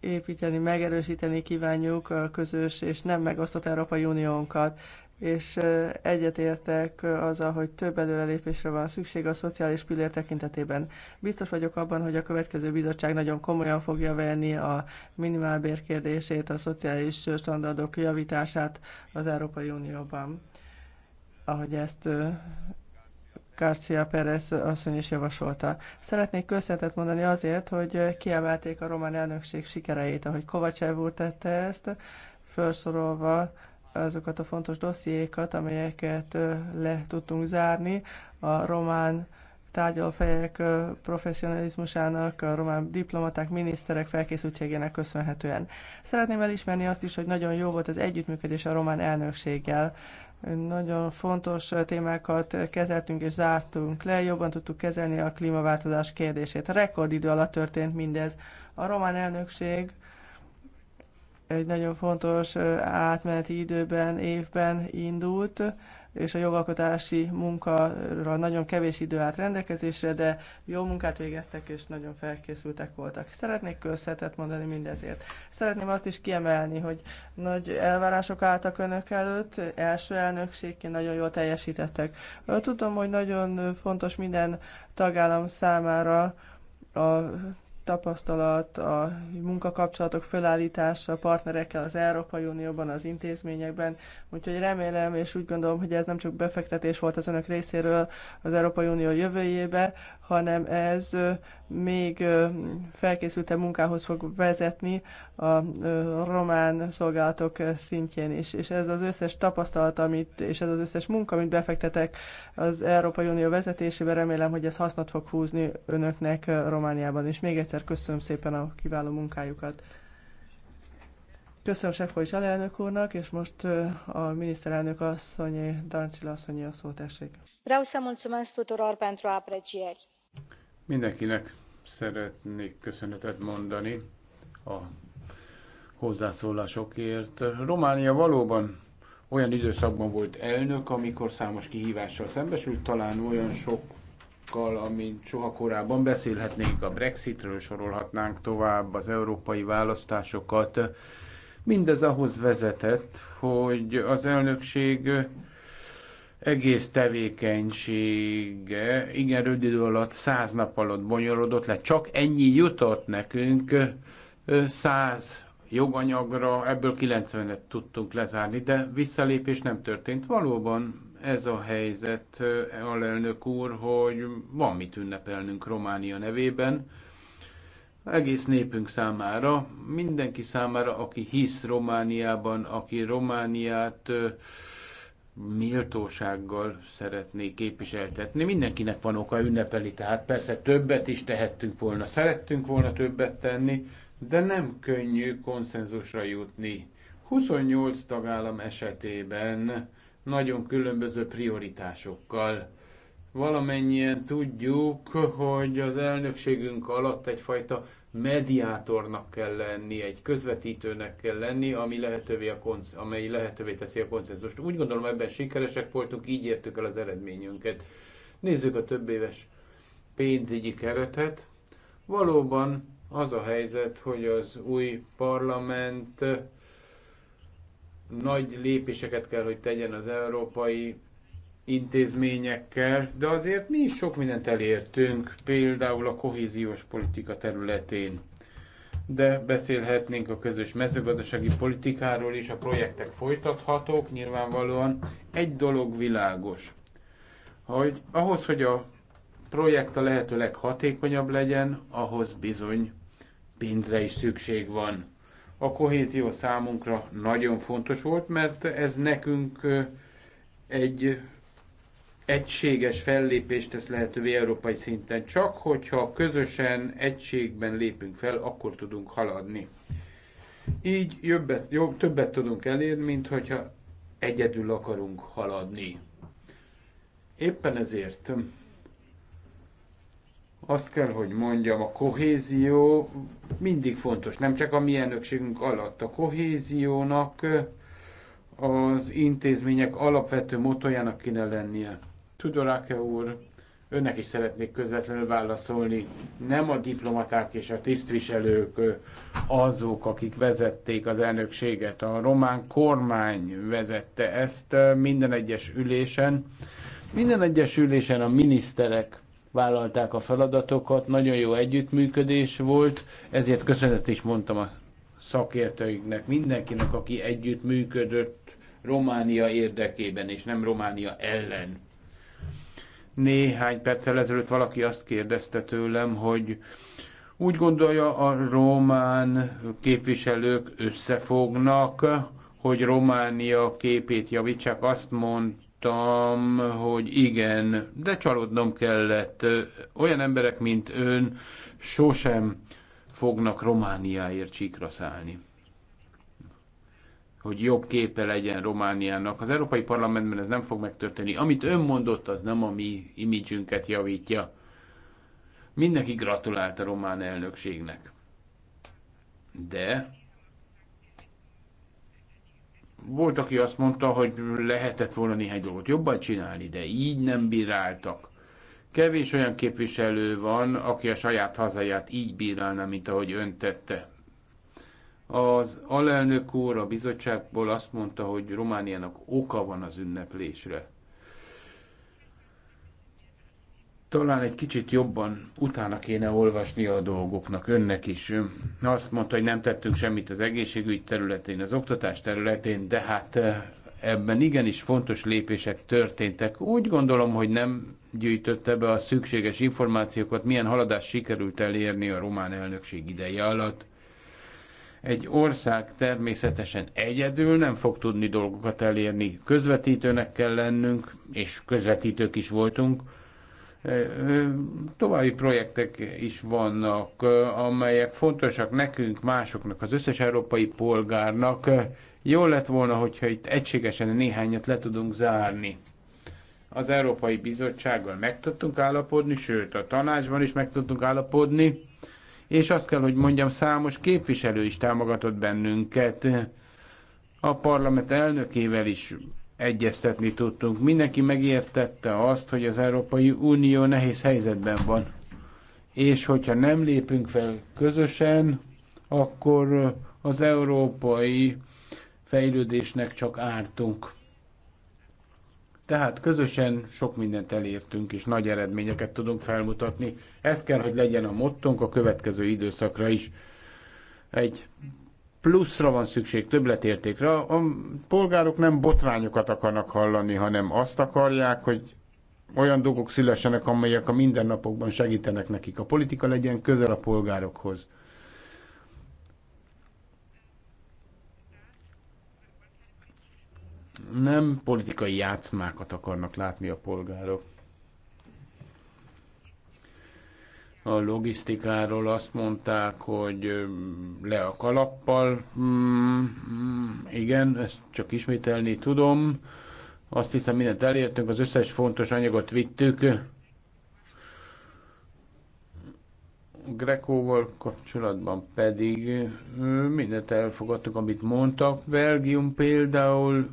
Speaker 2: építeni, megerősíteni kívánjuk a közös és nem megosztott Európai Uniónkat és egyetértek azzal, hogy több előrelépésre van szükség a szociális pillér tekintetében. Biztos vagyok abban, hogy a következő bizottság nagyon komolyan fogja venni a minimálbér kérdését, a szociális standardok javítását az Európai Unióban, ahogy ezt Garcia Perez asszony is javasolta. Szeretnék köszönetet mondani azért, hogy kiemelték a román elnökség sikereit, ahogy Kovács úr tette ezt, felsorolva azokat a fontos dossziékat, amelyeket le tudtunk zárni. A román tárgyalófejek professzionalizmusának, a román diplomaták, miniszterek felkészültségének köszönhetően. Szeretném elismerni azt is, hogy nagyon jó volt az együttműködés a román elnökséggel. Nagyon fontos témákat kezeltünk és zártunk le, jobban tudtuk kezelni a klímaváltozás kérdését. A rekordidő alatt történt mindez. A román elnökség egy nagyon fontos átmeneti időben, évben indult, és a jogalkotási munkára nagyon kevés idő állt rendelkezésre, de jó munkát végeztek, és nagyon felkészültek voltak. Szeretnék köszönetet mondani mindezért. Szeretném azt is kiemelni, hogy nagy elvárások álltak önök előtt, első elnökségként nagyon jól teljesítettek. Tudom, hogy nagyon fontos minden tagállam számára a tapasztalat, a munkakapcsolatok felállítása partnerekkel az Európai Unióban, az intézményekben. Úgyhogy remélem, és úgy gondolom, hogy ez nem csak befektetés volt az önök részéről az Európai Unió jövőjébe, hanem ez még felkészülte munkához fog vezetni a román szolgálatok szintjén is. És ez az összes tapasztalat, amit, és ez az összes munka, amit befektetek az Európai Unió vezetésébe, remélem, hogy ez hasznot fog húzni önöknek Romániában. És még egyszer köszönöm szépen a kiváló munkájukat. Köszönöm Sefkovics alelnök úrnak, és most a miniszterelnök asszonyi, Dancsila asszonyi a szót esik.
Speaker 1: Vreau să mulțumesc
Speaker 3: tuturor pentru aprecieri
Speaker 1: Mindenkinek szeretnék köszönetet mondani a hozzászólásokért. Románia valóban olyan időszakban volt elnök, amikor számos kihívással szembesült, talán olyan sokkal, amint soha korábban beszélhetnénk a Brexitről, sorolhatnánk tovább az európai választásokat. Mindez ahhoz vezetett, hogy az elnökség egész tevékenysége igen rövid idő alatt, száz nap alatt bonyolodott le. Csak ennyi jutott nekünk, száz joganyagra, ebből 90-et tudtunk lezárni, de visszalépés nem történt. Valóban ez a helyzet, alelnök úr, hogy van mit ünnepelnünk Románia nevében, egész népünk számára, mindenki számára, aki hisz Romániában, aki Romániát méltósággal szeretné képviseltetni. Mindenkinek van oka ünnepeli, tehát persze többet is tehettünk volna, szerettünk volna többet tenni, de nem könnyű konszenzusra jutni. 28 tagállam esetében nagyon különböző prioritásokkal. Valamennyien tudjuk, hogy az elnökségünk alatt egyfajta mediátornak kell lenni, egy közvetítőnek kell lenni, ami lehetővé a konz- amely lehetővé teszi a konszenzust. Úgy gondolom ebben sikeresek voltunk, így értük el az eredményünket. Nézzük a több éves pénzügyi keretet. Valóban az a helyzet, hogy az új parlament nagy lépéseket kell, hogy tegyen az európai intézményekkel, de azért mi is sok mindent elértünk, például a kohéziós politika területén. De beszélhetnénk a közös mezőgazdasági politikáról is, a projektek folytathatók nyilvánvalóan. Egy dolog világos, hogy ahhoz, hogy a projekt a lehető leghatékonyabb legyen, ahhoz bizony pénzre is szükség van. A kohézió számunkra nagyon fontos volt, mert ez nekünk egy egységes fellépést tesz lehetővé európai szinten. Csak hogyha közösen, egységben lépünk fel, akkor tudunk haladni. Így jobbet, jobb, többet tudunk elérni, mint hogyha egyedül akarunk haladni. Éppen ezért azt kell, hogy mondjam, a kohézió mindig fontos, nem csak a mi elnökségünk alatt. A kohéziónak az intézmények alapvető motójának kéne lennie. Tudorake úr, önnek is szeretnék közvetlenül válaszolni. Nem a diplomaták és a tisztviselők azok, akik vezették az elnökséget. A román kormány vezette ezt minden egyes ülésen. Minden egyes ülésen a miniszterek vállalták a feladatokat, nagyon jó együttműködés volt, ezért köszönet is mondtam a szakértőiknek, mindenkinek, aki együttműködött Románia érdekében, és nem Románia ellen. Néhány perccel ezelőtt valaki azt kérdezte tőlem, hogy úgy gondolja a román képviselők összefognak, hogy Románia képét javítsák. Azt mondtam, hogy igen, de csalódnom kellett. Olyan emberek, mint ön, sosem fognak Romániáért csíkra szállni hogy jobb képe legyen Romániának. Az Európai Parlamentben ez nem fog megtörténni. Amit ön mondott, az nem a mi imidzsünket javítja. Mindenki gratulált a román elnökségnek. De volt, aki azt mondta, hogy lehetett volna néhány dolgot jobban csinálni, de így nem bíráltak. Kevés olyan képviselő van, aki a saját hazáját így bírálna, mint ahogy ön tette. Az alelnök úr a bizottságból azt mondta, hogy Romániának oka van az ünneplésre. Talán egy kicsit jobban utána kéne olvasni a dolgoknak önnek is. Azt mondta, hogy nem tettünk semmit az egészségügy területén, az oktatás területén, de hát eh, ebben igenis fontos lépések történtek. Úgy gondolom, hogy nem gyűjtötte be a szükséges információkat, milyen haladást sikerült elérni a román elnökség ideje alatt. Egy ország természetesen egyedül nem fog tudni dolgokat elérni. Közvetítőnek kell lennünk, és közvetítők is voltunk. További projektek is vannak, amelyek fontosak nekünk, másoknak, az összes európai polgárnak. Jó lett volna, hogyha itt egységesen néhányat le tudunk zárni az Európai Bizottsággal meg tudtunk állapodni, sőt a tanácsban is meg tudtunk állapodni, és azt kell, hogy mondjam, számos képviselő is támogatott bennünket. A parlament elnökével is egyeztetni tudtunk. Mindenki megértette azt, hogy az Európai Unió nehéz helyzetben van. És hogyha nem lépünk fel közösen, akkor az európai fejlődésnek csak ártunk. Tehát közösen sok mindent elértünk, és nagy eredményeket tudunk felmutatni. Ez kell, hogy legyen a mottonk a következő időszakra is. Egy pluszra van szükség, többletértékre. A polgárok nem botrányokat akarnak hallani, hanem azt akarják, hogy olyan dolgok szülessenek, amelyek a mindennapokban segítenek nekik. A politika legyen közel a polgárokhoz. Nem politikai játszmákat akarnak látni a polgárok. a logisztikáról azt mondták, hogy le a kalappal. Mm, mm, igen, ezt csak ismételni tudom. Azt hiszem mindent elértünk, az összes fontos anyagot vittük. Grekóval kapcsolatban pedig mindent elfogadtuk, amit mondtak. Belgium például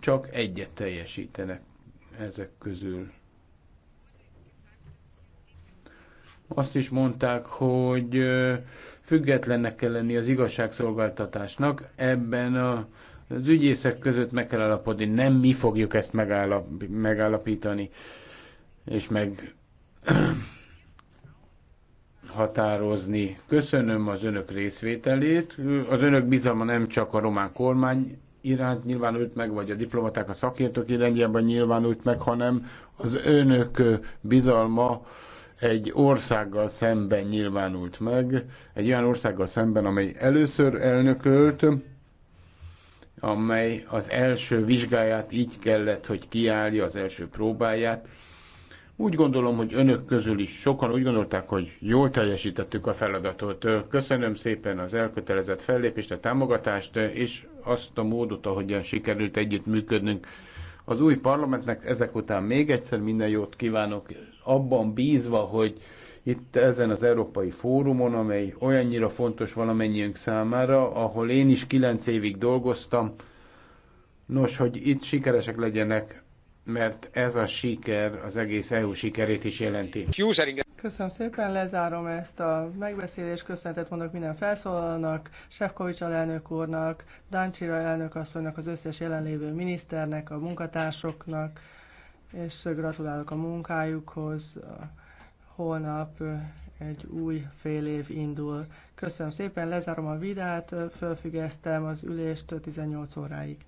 Speaker 1: csak egyet teljesítenek ezek közül. Azt is mondták, hogy függetlennek kell lenni az igazságszolgáltatásnak, ebben a, az ügyészek között meg kell állapodni, nem mi fogjuk ezt megállap, megállapítani, és meg *clears throat* határozni. Köszönöm az önök részvételét. Az önök bizalma nem csak a román kormány iránt nyilvánult meg, vagy a diplomaták, a szakértők irányában nyilvánult meg, hanem az önök bizalma egy országgal szemben nyilvánult meg, egy olyan országgal szemben, amely először elnökölt, amely az első vizsgáját így kellett, hogy kiállja, az első próbáját, úgy gondolom, hogy önök közül is sokan úgy gondolták, hogy jól teljesítettük a feladatot. Köszönöm szépen az elkötelezett fellépést, a támogatást, és azt a módot, ahogyan sikerült együttműködnünk. Az új parlamentnek ezek után még egyszer minden jót kívánok, abban bízva, hogy itt ezen az Európai Fórumon, amely olyannyira fontos valamennyiünk számára, ahol én is kilenc évig dolgoztam, nos, hogy itt sikeresek legyenek mert ez a siker az egész EU sikerét is jelenti.
Speaker 2: Köszönöm szépen, lezárom ezt a megbeszélést, köszönetet mondok minden felszólalnak, Sefkovics elnök úrnak, Dancsira elnök asszonynak, az összes jelenlévő miniszternek, a munkatársoknak, és gratulálok a munkájukhoz. Holnap egy új fél év indul. Köszönöm szépen, lezárom a vidát, felfüggesztem az ülést 18 óráig.